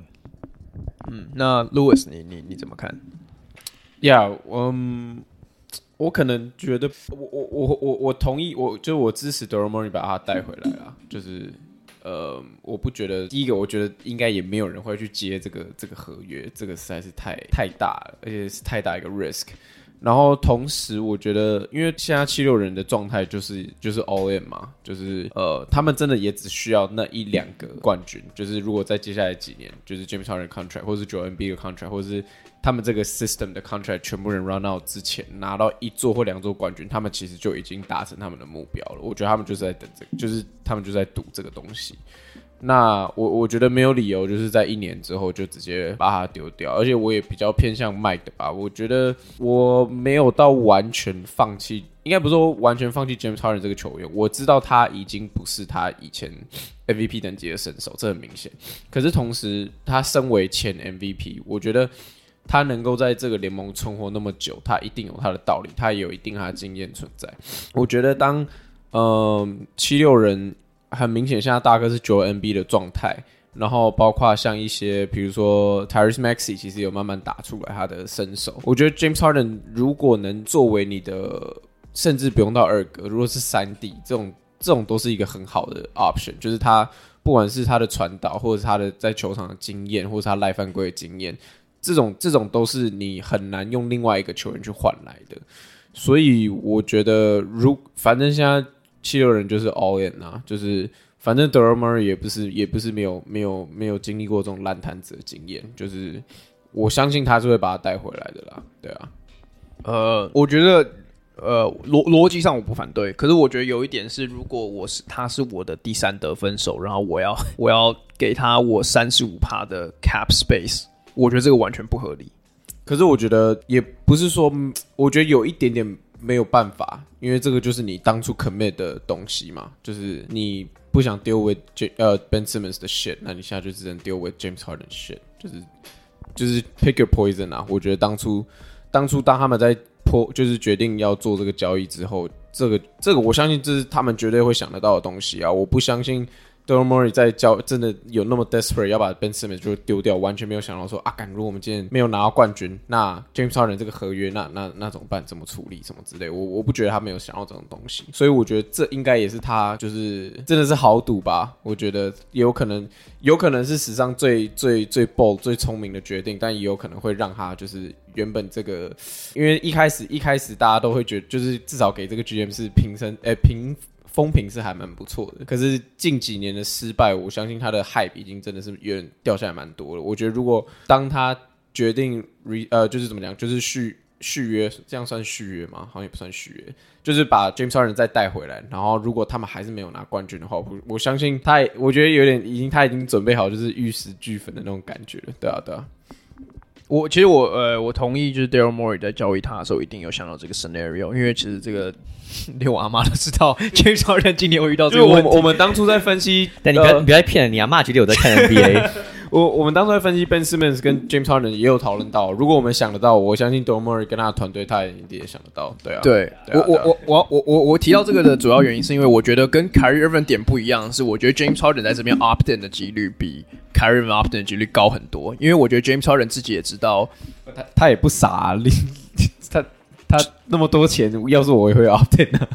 嗯，那 Lewis，你你你怎麼看？Yeah, 我、um, 我可能覺得我，我我我我我同意，我就我支持 Draymond 把他帶回來啊，就是。呃，我不覺得，第一個，我覺得應該也沒有人會去接這個這個合約，這個實在是太太大了，而且是太大一個 risk。然後同時，我覺得，因為現在七六人的狀態就是就是 all in 嘛，就是呃，他們真的也只需要那一兩個冠軍，就是如果在接下來幾年，就是 James Harden 的 contract，或是 Joel Embiid 的 contract，或是。他們這個 system 的 contract 全部人 run out 之前拿到一座或兩座冠軍，他們其實就已經達成他們的目標了。我覺得他們就是在等這個，就是他們就在賭這個東西。那我我覺得沒有理由就是在一年之後就直接把他丟掉，而且我也比較偏向 m i k 的吧。我覺得我沒有到完全放棄，應該不是說完全放棄 James 超人這個球員。我知道他已經不是他以前 MVP 等級的身手，這很明顯。可是同時，他身為前 MVP，我覺得。他能夠在這個聯盟存活那麼久，他一定有他的道理，他也有一定他的經驗存在。我覺得當，當呃七六人很明顯，現在大哥是 Joel Embiid 的狀態，然後包括像一些比如說 Tyrese Maxey 其實有慢慢打出來他的身手。我覺得 James Harden 如果能作為你的，甚至不用到二哥，如果是三 D 這種，這種都是一個很好的 option，就是他不管是他的傳導，或者是他的在球場的經驗，或者是他賴犯規的經驗。這種這種都是你很難用另外一個球員去換來的，所以我覺得如，如反正現在七六人就是 all in 啊，就是反正德羅摩也不是也不是沒有沒有沒有經歷過這種爛攤子的經驗，就是我相信他是會把他帶回來的啦，對啊，呃，我覺得呃邏邏輯上我不反對，可是我覺得有一點是，如果我是他是我的第三得分手，然後我要我要給他我三十五趴的 cap space。我覺得這個完全不合理，可是我覺得也不是說，我覺得有一點點沒有辦法，因為這個就是你當初 commit 的東西嘛，就是你不想 deal with 呃、uh, Ben Simmons 的 shit，嗯，那你現在就只能 deal with James Harden 的 shit，就是就是 pick your poison 啊！我覺得當初當初當他們在破就是決定要做這個交易之後，這個這個我相信這是他們絕對會想得到的東西啊！我不相信。d o r y l Morey 在教真的有那麼 desperate 要把 Ben Simmons 就丟掉，完全沒有想到說啊，敢，如果我們今天沒有拿到冠軍，那 James 超人這個合約，那那那怎麼辦？怎麼處理什麼之類，我我不覺得他沒有想到這種東西，所以我覺得這應該也是他就是真的是豪賭吧。我覺得也有可能，有可能是史上最最最 bold、最聰明的決定，但也有可能會讓他就是原本這個，因為一開始一開始大家都會覺，就是至少給這個 GM 是平身，誒、欸、平。風評是還蠻不錯的，可是近幾年的失敗，我相信他的 hype 已經真的是有點掉下來蠻多了。我覺得如果當他決定 re 呃，就是怎麼講，就是續續約，這樣算續約嗎？好像也不算續約，就是把 James Harden 再帶回來。然後如果他們還是沒有拿冠軍的話，我，我相信他也，我覺得有點已經他已經準備好就是玉石俱焚的那種感覺了。對啊，對啊。我其實我呃，我同意，就是 Daryl Morey 在交易他的時候，一定有想到這個 scenario，因為其實這個連我阿媽都知道，爵 士人今天會遇到這個問題。就我們我們當初在分析，呃、但你不要你不要再騙你啊，媽，絕對有在看 NBA。 我我們當時在分析 Ben Simmons 跟 James Harden 也有討論到，如果我們想得到，我相信 Morey 跟他的團隊，他一定也想得到，對啊。對，對啊對啊、我對、啊、我我我 我我我，我提到這個的主要原因，是因為我覺得跟 Kyrie Irving 點不一樣，是我覺得 James Harden 在這邊 opt in 的幾率比 Kyrie Irving opt in 的幾率高很多，因為我覺得 James Harden 自己也知道，他他也不傻、啊， 他他那麼多錢， 要是我也會 opt in 啊。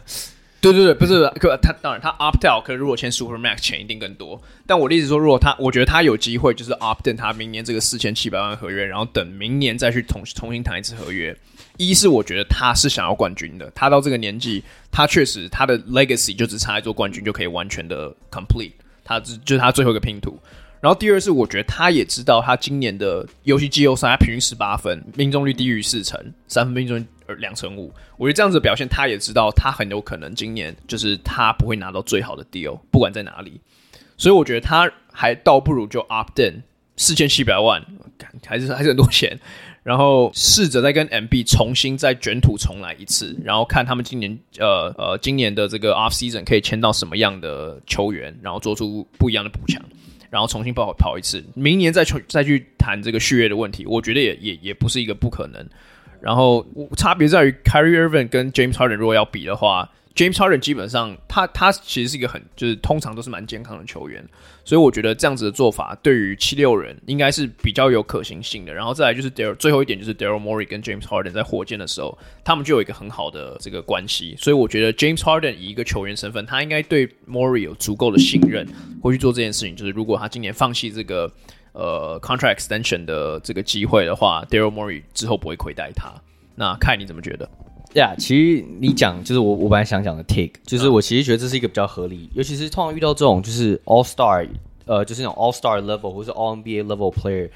對對對，不是可不他當然他 opt out，可如果簽 Super Max 錢一定更多。但我的意思說，如果他，我覺得他有機會，就是 opt in，他明年這個四千七百萬合約，然後等明年再去同重新談一次合約。一是我覺得他是想要冠軍的，他到這個年紀，他確實他的 legacy 就只差一座冠軍就可以完全的 complete，他就就是他最後一個拼圖。然後第二是我覺得他也知道，他今年的尤其季後賽平均十八分，命中率低於四成，三分命中率，而兩成五，我覺得這樣子的表現，他也知道他很有可能今年就是他不會拿到最好的 deal，不管在哪裡，所以我覺得他還倒不如就 opt in 四千七百萬，還是還是很多錢，然後試着再跟 MB 重新再卷土重來一次，然後看他們今年呃呃今年的這個 off season 可以簽到什麼樣的球員，然後做出不一樣的補強，然後重新跑跑一次，明年再重再去談這個續約的問題，我覺得也也也不是一個不可能。然後差別在於，Kyrie Irving 跟 James Harden 如果要比的話，James Harden 基本上他他其實是一個很就是通常都是蠻健康的球員，所以我覺得這樣子的做法對於七六人應該是比較有可行性的。然後再來就是 Daryl，最後一點就是 Daryl Morey 跟 James Harden 在火箭的時候，他們就有一個很好的這個關係，所以我覺得 James Harden 以一個球員身份，他應該對 Morey 有足夠的信任，會去做這件事情。就是如果他今年放棄這個。呃，contract extension 的這個機會的話，Daryl Morey 之後不會虧待他。那看你怎麼覺得？呀、yeah，其實你講就是我，我本來想講的 take，就是我其實覺得這是一個比較合理，尤其是通常遇到這種就是 all star，呃，就是那種 all star level 或者是 all NBA level player，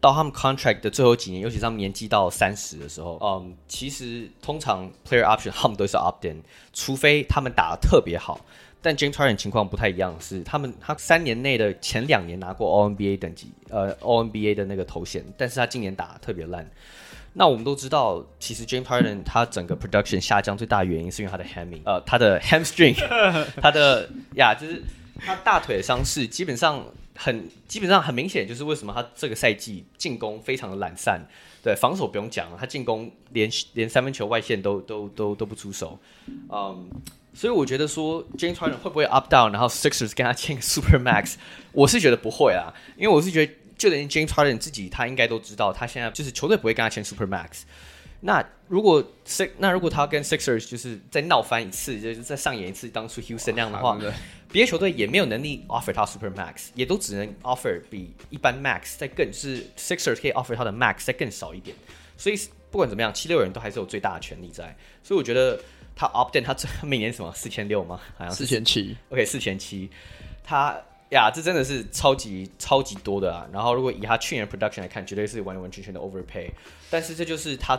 到他們 contract 的最後幾年，尤其是他們年紀到三十的時候，嗯，其實通常 player option 他們都是 opt in，除非他們打得特別好。但 James Harden 情況不太一樣，是他們他三年內的前兩年拿過 All NBA 等級，呃 All NBA 的那個頭銜，但是他今年打得特別爛。那我們都知道，其實 James Harden 他整個 production 下降最大原因是因為他的 hammy 呃他的 hamstring， 他的呀、 yeah, 就是他大腿的傷勢基本上很基本上很明顯，就是為什麼他這個賽季進攻非常的懶散，對防守不用講了，他進攻連連，連三分球外線都都都都不出手，嗯。所以我覺得說，James Harden 會不會 up down，然後 Sixers 跟他簽個 Super Max，我是覺得不會啦，因為我是覺得，就連 James Harden 自己，他應該都知道，他現在就是球隊不會跟他簽 Super Max。那如果 Six，那如果他跟 Sixers 就是再鬧翻一次，就是再上演一次當初 Houston 那樣的話呢，別的球隊也沒有能力 offer 他 Super Max，也都只能 offer 比一般 Max 再更，就是 Sixers 可以 offer 他的 Max 再更少一點。所以不管怎麼樣，七六人都還是有最大的權利在。所以我覺得。他 opt in，他最每年什麼四千六嗎？好像四千七。OK，四千七。他呀，yeah, 這真的是超級超級多的啊。然後，如果以他去年的 production 來看，絕對是完完全全的 overpay。但是這就是他，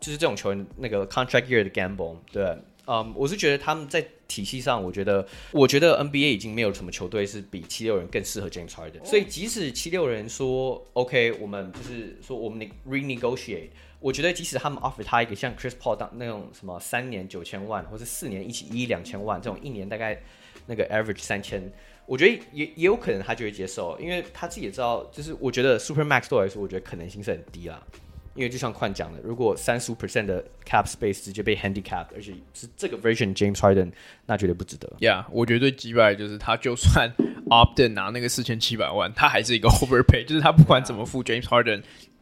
就是這種球員那個 contract year 的 gamble。對，嗯，um，我是覺得他們在體系上，我覺得，我覺得 NBA 已經沒有什麼球隊是比七六人更適合 James Harden。所以，即使七六人說 OK，我們就是說我們 re-negotiate。我覺得，即使他們 offer 他一個像 Chris Paul 當那種什麼三年九千萬，或者四年一起一兩千萬，這種一年大概那個 average 三千，我覺得也也有可能他就會接受，因為他自己也知道。就是我覺得 Super Max 對我來說，我覺得可能性是很低啦。因為就像寬講的，如果三十五 percent 的 cap space 直接被 handicapped，而且是這個 version James Harden，那絕對不值得。Yeah，我覺得擊敗就是他就算 optin 拿那個四千七百萬，他還是一個 overpay， 就是他不管怎麼付 James Harden。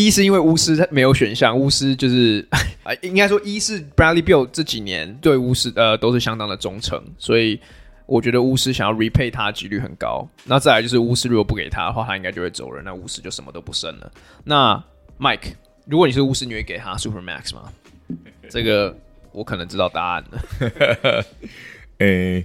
一是因為巫師沒有選項，巫師就是，應該說一是 Bradley Beal 這幾年對巫師呃都是相當的忠誠，所以我覺得巫師想要 repay 他幾率很高。那再來就是巫師如果不給他的話，他應該就會走人，那巫師就什麼都不剩了。那 Mike，如果你是巫師，你會給他 Super Max 嗎？這個我可能知道答案了。誒、 欸。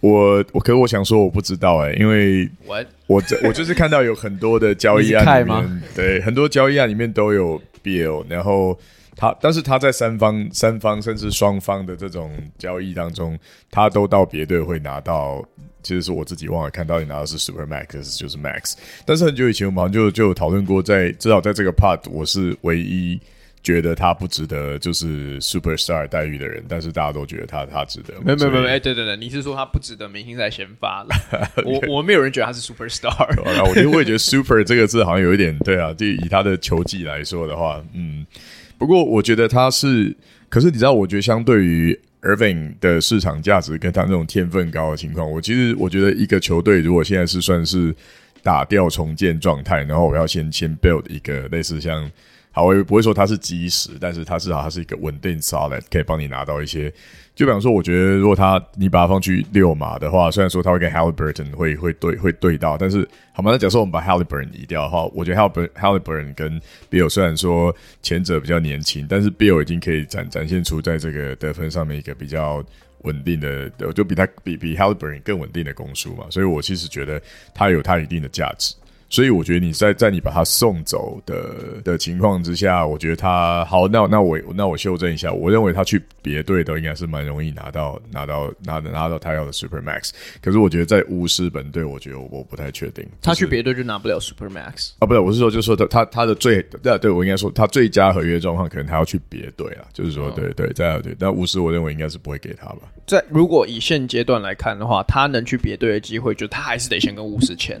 我我可是我想說我不知道哎、欸，因為我這、What? 我這我就是看到有很多的交易案裡面， 對很多交易案裡面都有 Beal，然後他但是他在三方三方甚至雙方的這種交易當中，他都到別隊會拿到，其實是我自己忘了看到底拿的是 Super Max 就是 Max，但是很久以前我們好像就就有討論過在，在至少在這個 Part 我是唯一。覺得他不值得就是 superstar 待遇的人，但是大家都覺得他他值得。沒、嗯、沒沒沒，有、欸，對對對，你是說他不值得明星賽先發了？ okay. 我我沒有人覺得他是 superstar、啊。 我就會覺得 super 這個字好像有一點對啊，就以他的球技來說的話，嗯，不過我覺得他是，可是你知道，我覺得相對於 Irving 的市場價值跟他那種天分高的情況，我其實我覺得一個球隊如果現在是算是打掉重建狀態，然後我要先先 build 一個類似像。好，我也不會說他是基石，但是他至少他是一個穩定 solid 可以幫你拿到一些。就比方說，我覺得如果他你把他放去溜馬的話，雖然說他會跟 Haliburton 會會對會對到，但是好嘛，那假設我們把 Haliburton 移掉的話，我覺得 Haliburton Haliburton 跟 Beal 雖然說前者比較年輕，但是 Beal 已經可以展展現出在這個得分上面一個比較穩定的，就比他比比 Haliburton 更穩定的攻數嘛，所以我其實覺得他有他一定的價值。所以我覺得你在在你把他送走的的情況之下，我覺得他好，那那我那我修正一下，我認為他去別隊都應該是蠻容易拿到拿到拿拿到他要的 Super Max。可是我覺得在巫師本隊，我覺得我不太確定。就是、他去別隊就拿不了 Super Max 啊、哦？不是，我是說，就是說他他，他的最對對我應該說他最佳合約狀況，可能他要去別隊啊、嗯，就是說對對在別隊。但巫師我認為應該是不會給他吧？在如果以現階段來看的話，他能去別隊的機會，就他還是得先跟巫師簽。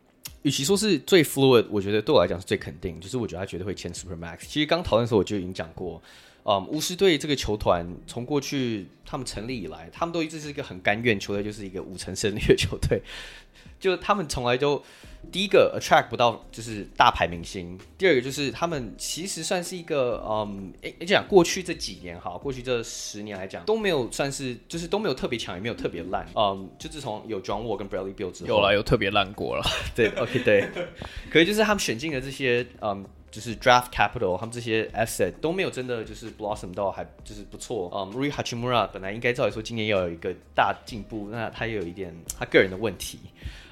與其說是最 fluid，我覺得對我來講是最肯定,就是我覺得他絕對會簽 Super Max。其實剛討論的時候我就已經講過，嗯，巫師隊這個球團從過去他們成立以來，他們都一直是一個很甘願球隊，就是一個五成勝率的球隊，就是他們從來都。第一個 attract 不到就是大牌明星，第二個就是他們其實算是一個，嗯，誒、欸，就講過去這幾年哈，過去這十年來講都沒有算是，就是都沒有特別強，也沒有特別爛，嗯，就自從有 John Wall 跟 Bradley Beal 之後，有了，有特別爛過了， 對，OK，對。 可以，就是他們選進的這些，嗯，就是 draft capital，他們這些 asset 都沒有真的就是 blossom 到還就是不錯，嗯，Rui Hachimura 本來應該照理說今年要有一個大進步，那他又有一點他個人的問題。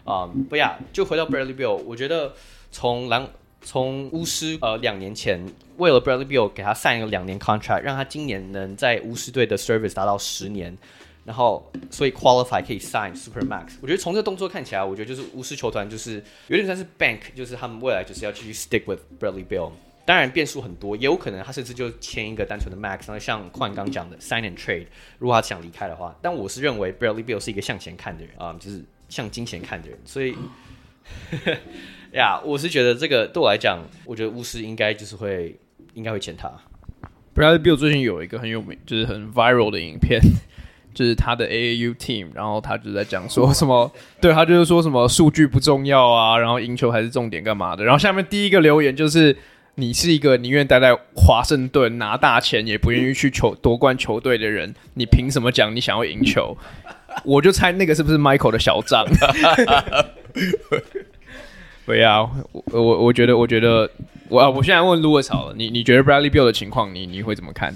啊，不呀，就回到 Bradley Beal，我覺得從籃從巫師呃兩年前為了 Bradley Beal 給他上一個兩年 contract，讓他今年能在巫師隊的 service 達到十年，然後所以 qualify 可以 sign super max。我覺得從這個動作看起來，我覺得就是巫師球團就是有點像是 bank，就是他們未來就是要繼續 stick with Bradley Beal。當然變數很多，也有可能他甚至就簽一個單純的 max，然後像礦剛講的 sign and trade，如果他想離開的話。但我是認為 Bradley Beal 是一個向前看的人啊、嗯，就是。像金錢看的人，所以呀， yeah, 我是覺得，這個對我來講，我覺得巫師應該就是會，應該會簽他。不，Bradley Beal 最近有一個很有名，就是很 viral 的影片， 就是他的 AAU team，然後他就在講說什麼， 對他就是說什麼數據不重要啊，然後贏球還是重點幹嘛的。然後下面第一個留言就是，你是一個寧願待在華盛頓拿大錢，也不願意去球奪冠球隊的人，你憑什麼講你想要贏球？ 我就猜那個是不是 Michael 的小賬？不要，我我我覺得，我覺得我、啊、我現在問 Lucas 了，你你覺得 Bradley Beal 的情況，你你會怎麼看？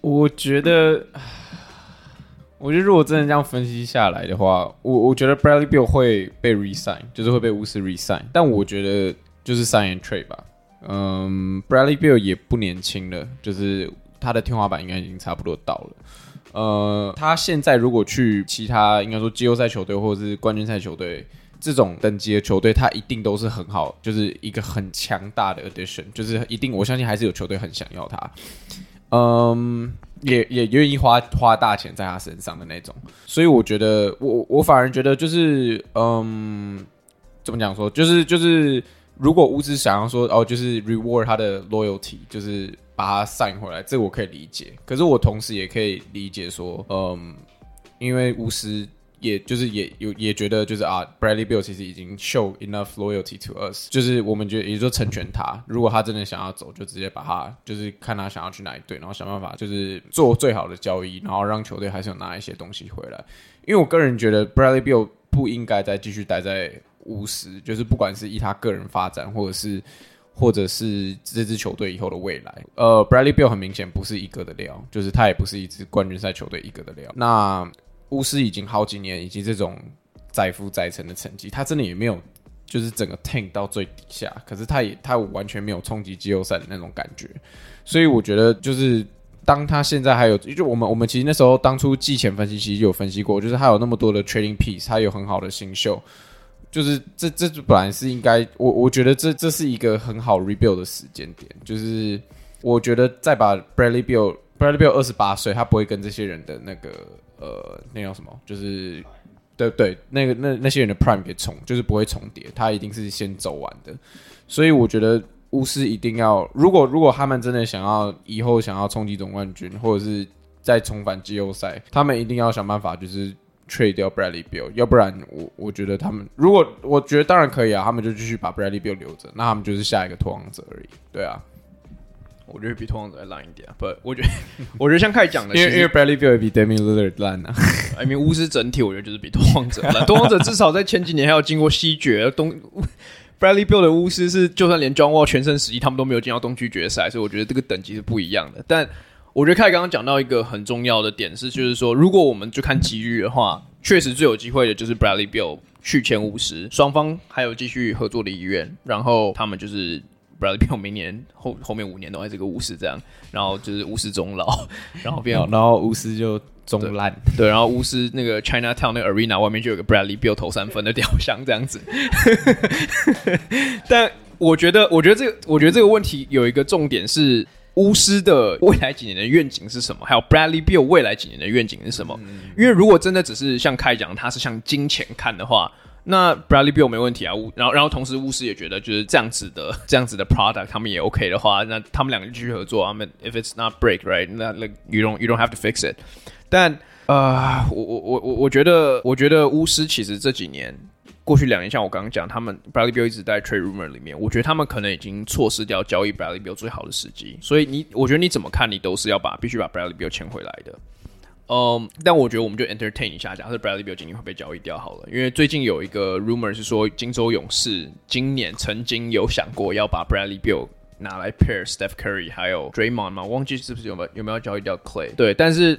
我覺得，我覺得如果真的這樣分析下來的話，我我覺得 Bradley Beal 會被 resign，就是會被巫師 resign，但我覺得就是 sign and trade 吧。嗯，Bradley Beal 也不年輕了，就是他的天花板應該已經差不多到了。呃，他現在如果去其他應該說季後賽球隊或者是冠軍賽球隊這種等級的球隊，他一定都是很好，就是一個很強大的 addition，就是一定我相信還是有球隊很想要他，嗯、呃，也也願意花花大錢在他身上的那種。所以我覺得，我我反而覺得就是，嗯、呃，怎麼講說，就是就是。如果巫師想要說哦，就是 reward 他的 loyalty，就是把他 sign 回來，這我可以理解。可是我同時也可以理解說，嗯，因為巫師也就是也有也覺得就是啊，Bradley Beal 其實已經 show enough loyalty to us，就是我們覺得也就是成全他。如果他真的想要走，就直接把他就是看他想要去哪一隊，然後想辦法就是做最好的交易，然後讓球隊還是有拿一些東西回來。因為我個人覺得 Bradley Beal 不應該再繼續待在。巫師就是不管是依他個人發展，或者是或者是這支球隊以後的未來，呃，Bradley Beal 很明顯不是一個的料，就是他也不是一支冠軍賽球隊一個的料。那巫師已經好幾年，以及這種載浮載沉的成績，他真的也沒有就是整個 tank 到最底下，可是他也他完全沒有衝擊季後賽的那種感覺。所以我覺得就是當他現在還有就我們我們其實那時候當初季前分析其實就有分析過，就是他有那麼多的 trading piece，他有很好的新秀。就是這這本來是應該我我覺得這這是一個很好 rebuild 的時間點，就是我覺得再把 Bradley Beal Bradley Beal 二十八歲，他不會跟這些人的那個呃，那叫什麼？就是對對，那個那那些人的 prime 給重就是不會重疊，他一定是先走完的。所以我覺得巫師一定要，如果如果他們真的想要以後想要衝擊總冠軍，或者是再重返季後賽，他們一定要想辦法，就是。Trade 掉 Bradley Beal，要不然我我覺得他們如果我覺得當然可以啊，他們就繼續把 Bradley Beal 留着，那他們就是下一個拓荒者而已，對啊，我覺得比拓荒者還爛一點啊，不，我覺得我覺得像開始講的， 因為因為 Bradley Beal 也比 Damian Lillard 爛啊，因 為 I mean, 巫師整體我覺得就是比拓荒者爛，拓 荒者至少在前幾年還要經過西決東 ，Bradley Beal 的巫師是就算連 John Wall 全盛時期他們都沒有進到東區決賽，所以我覺得這個等級是不一樣的，但。我覺得凱剛剛講到一個很重要的點是，就是說，如果我們就看機遇的話，確 實最有機會的就是 Bradley Beal 續簽巫師，雙方還有繼續合作的意願，然後他們就是 Bradley Beal 明年後後面五年都還是個巫師這樣，然後就是巫師終老， 然後變好 然後巫師就終爛，對，然後巫師那個 Chinatown 那個 arena 外面就有個 Bradley Beal 投三分的雕像這樣子， 但我覺得，我覺得這個，我覺得這個問題有一個重點是。巫師的未來幾年的願景是什麼？還有 Bradley Beal 未來幾年的願景是什麼？嗯、因為如果真的只是像開講，他是向金錢看的話，那 Bradley Beal 沒問題啊。然後，然後同時巫師也覺得就是這樣子的，這樣子的 product 他們也 OK 的話，那他們兩個就繼續合作，啊。他們，I mean, If it's not break, right? 那那，like、you don't you don't have to fix it 但。但呃，我我我我覺得，我覺得巫師其實這幾年。過去兩年，像我剛剛講，他們 Bradley Beal 一直在 trade rumor 裡面，我覺得他們可能已經錯失掉交易 Bradley Beal 最好的時機。所以你，我覺得你怎麼看，你都是要把必須把 Bradley Beal 簽回來的。嗯、um，但我覺得我們就 entertain 一下，假設 Bradley Beal 今天會被交易掉好了。因為最近有一個 rumor 是說，金州勇士今年曾經有想過要把 Bradley Beal 拿來 pair Steph Curry，還有 Draymond，嘛，忘記是不是有沒有，有沒有交易掉 Clay。對，但是。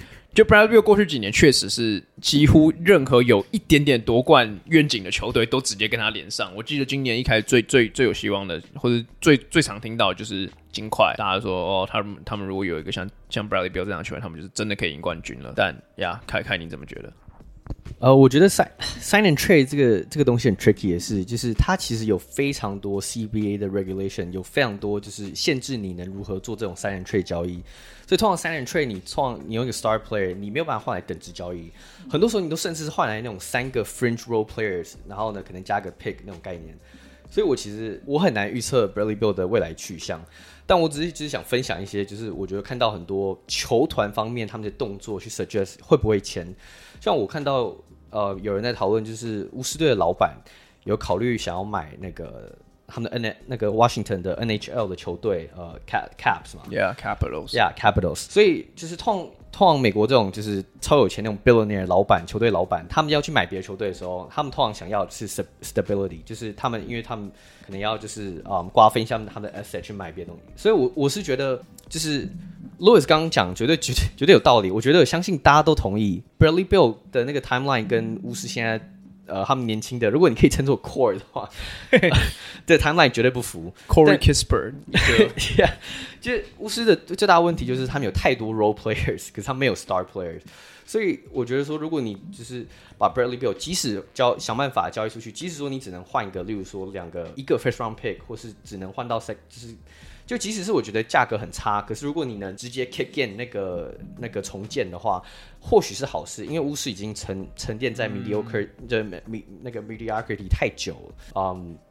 就 Bradley Beal 過去幾年確實是幾乎任何有一點點奪冠願景的球隊都直接跟他連上。我記得今年一開始最最最有希望的，或者最最常聽到就是金塊，大家說哦，他們他們如果有一個像像 Bradley Beal 這樣的球員，他們就是真的可以贏冠軍了。但，但呀，凱凱你怎麼覺得？呃，我覺得 sign, sign and trade 這個這個東西很 tricky，也是，就是它其實有非常多 CBA 的 regulation，有非常多就是限制你能如何做這種 sign and trade 交易。所以通常 sign and trade，你創你用一個 star player，你沒有辦法換來等值交易。很多時候你都甚至是換來那種三個 fringe role players，然後呢，可能加個 pick 那種概念。所以，我其實我很難預測 Bradley Beal 的未來去向，但我只是只是想分享一些，就是我覺得看到很多球團方面他們的動作去 suggest 會不會簽，像我看到呃有人在討論，就是巫師隊的老板有考慮想要買那個他們的 N 那個 Washington 的 NHL 的球隊呃 Cap Caps 嘛，Yeah Capitals，Yeah Capitals，所以就是痛。通往美國這種就是超有錢的那種 billionaire 老闆，球隊老闆，他們要去買別的球隊的時候，他們通常想要的是 stability，就是他們因為他們可能要就是啊、um, 瓜分一下他們的 asset 去買別的東西。所以我，我我是覺得就是 Louis 剛剛講，絕對絕對絕對有道理。我覺得我相信大家都同意，Bradley Beal 的那個 timeline 跟巫師現在呃他們年輕的，如果你可以稱作 core 的話，這 timeline 絕對不符 Corey Kispert， 其實巫師的最大問題就是他們有太多 role players，可是他沒有 star players。所以我覺得說，如果你就是把 Bradley Beal 即使交想辦法交易出去，即使說你只能換一個，例如說兩個，一個 first round pick，或是只能換到 sec，就是就即使是我覺得價格很差，可是如果你能直接 kick in 那個那個重建的話，或許是好事，因為巫師已經沉沉澱在 mediocre 的、嗯、i me, 那個 mediocrity 太久了，嗯、um,。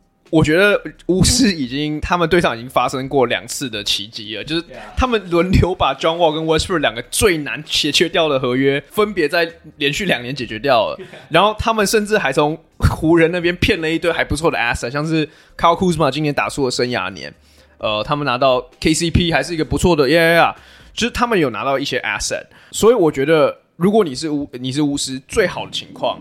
我覺得巫師已經，他們隊上已經發生過兩次的奇蹟了，就是他們輪流把 John Wall 跟 Westbrook 兩個最難解決掉的合約，分別在連續兩年解決掉了。然後他們甚至還從湖人那邊騙了一堆還不錯的 Asset，像是 Kyle Kuzma 今年打出了生涯年，呃，他們拿到 KCP 還是一個不錯的，a 呀呀，yeah, yeah, yeah, 就是他們有拿到一些 Asset。所以我覺得，如果你是巫，你是巫師，最好的情況，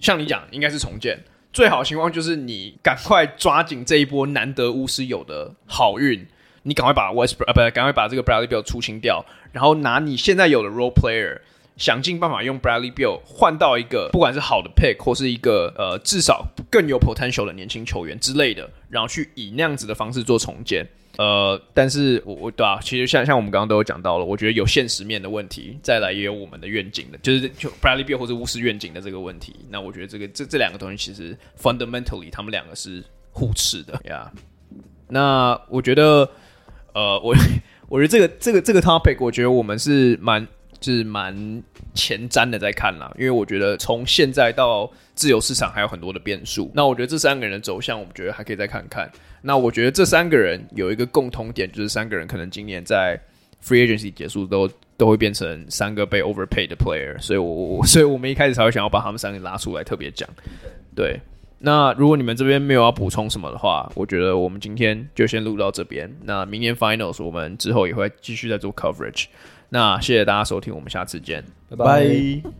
像你講，應該是重建。最好的情況就是你趕快抓緊這一波難得巫師有的好運，你趕快把 West 呃，不趕快把這個 Bradley Beal 出清掉，然後拿你現在有的 Role Player 想盡辦法用 Bradley Beal 換到一個不管是好的 Pick 或是一個呃至少更有 Potential 的年輕球員之類的，然後去以那樣子的方式做重建。呃，但是我我對啊，其實像像我們剛剛都有講到了，我覺得有現實面的問題，再來也有我們的願景的，就是就 Bradley 或者巫師願景的這個問題。那我覺得這個這這兩個東西，其實 fundamentally，他們兩個是互斥的呀。Yeah. 那我覺得，呃，我我覺得這個這個這個 topic，我覺得我們是蠻就是蠻前瞻的在看啦，因為我覺得從現在到自由市場還有很多的變數。那我覺得這三個人的走向，我們覺得還可以再看看。那我覺得這三個人有一個共同點，就是三個人可能今年在 free agency 結束都都會變成三個被 overpaid 的 player，所以我，我所以我們一開始才會想要把他們三個拉出來特別講。對，那如果你們這邊沒有要補充什麼的話，我覺得我們今天就先錄到這邊。那明年 finals 我們之後也會繼續再做 coverage。那謝謝大家收聽，我們下次見，拜拜。Bye bye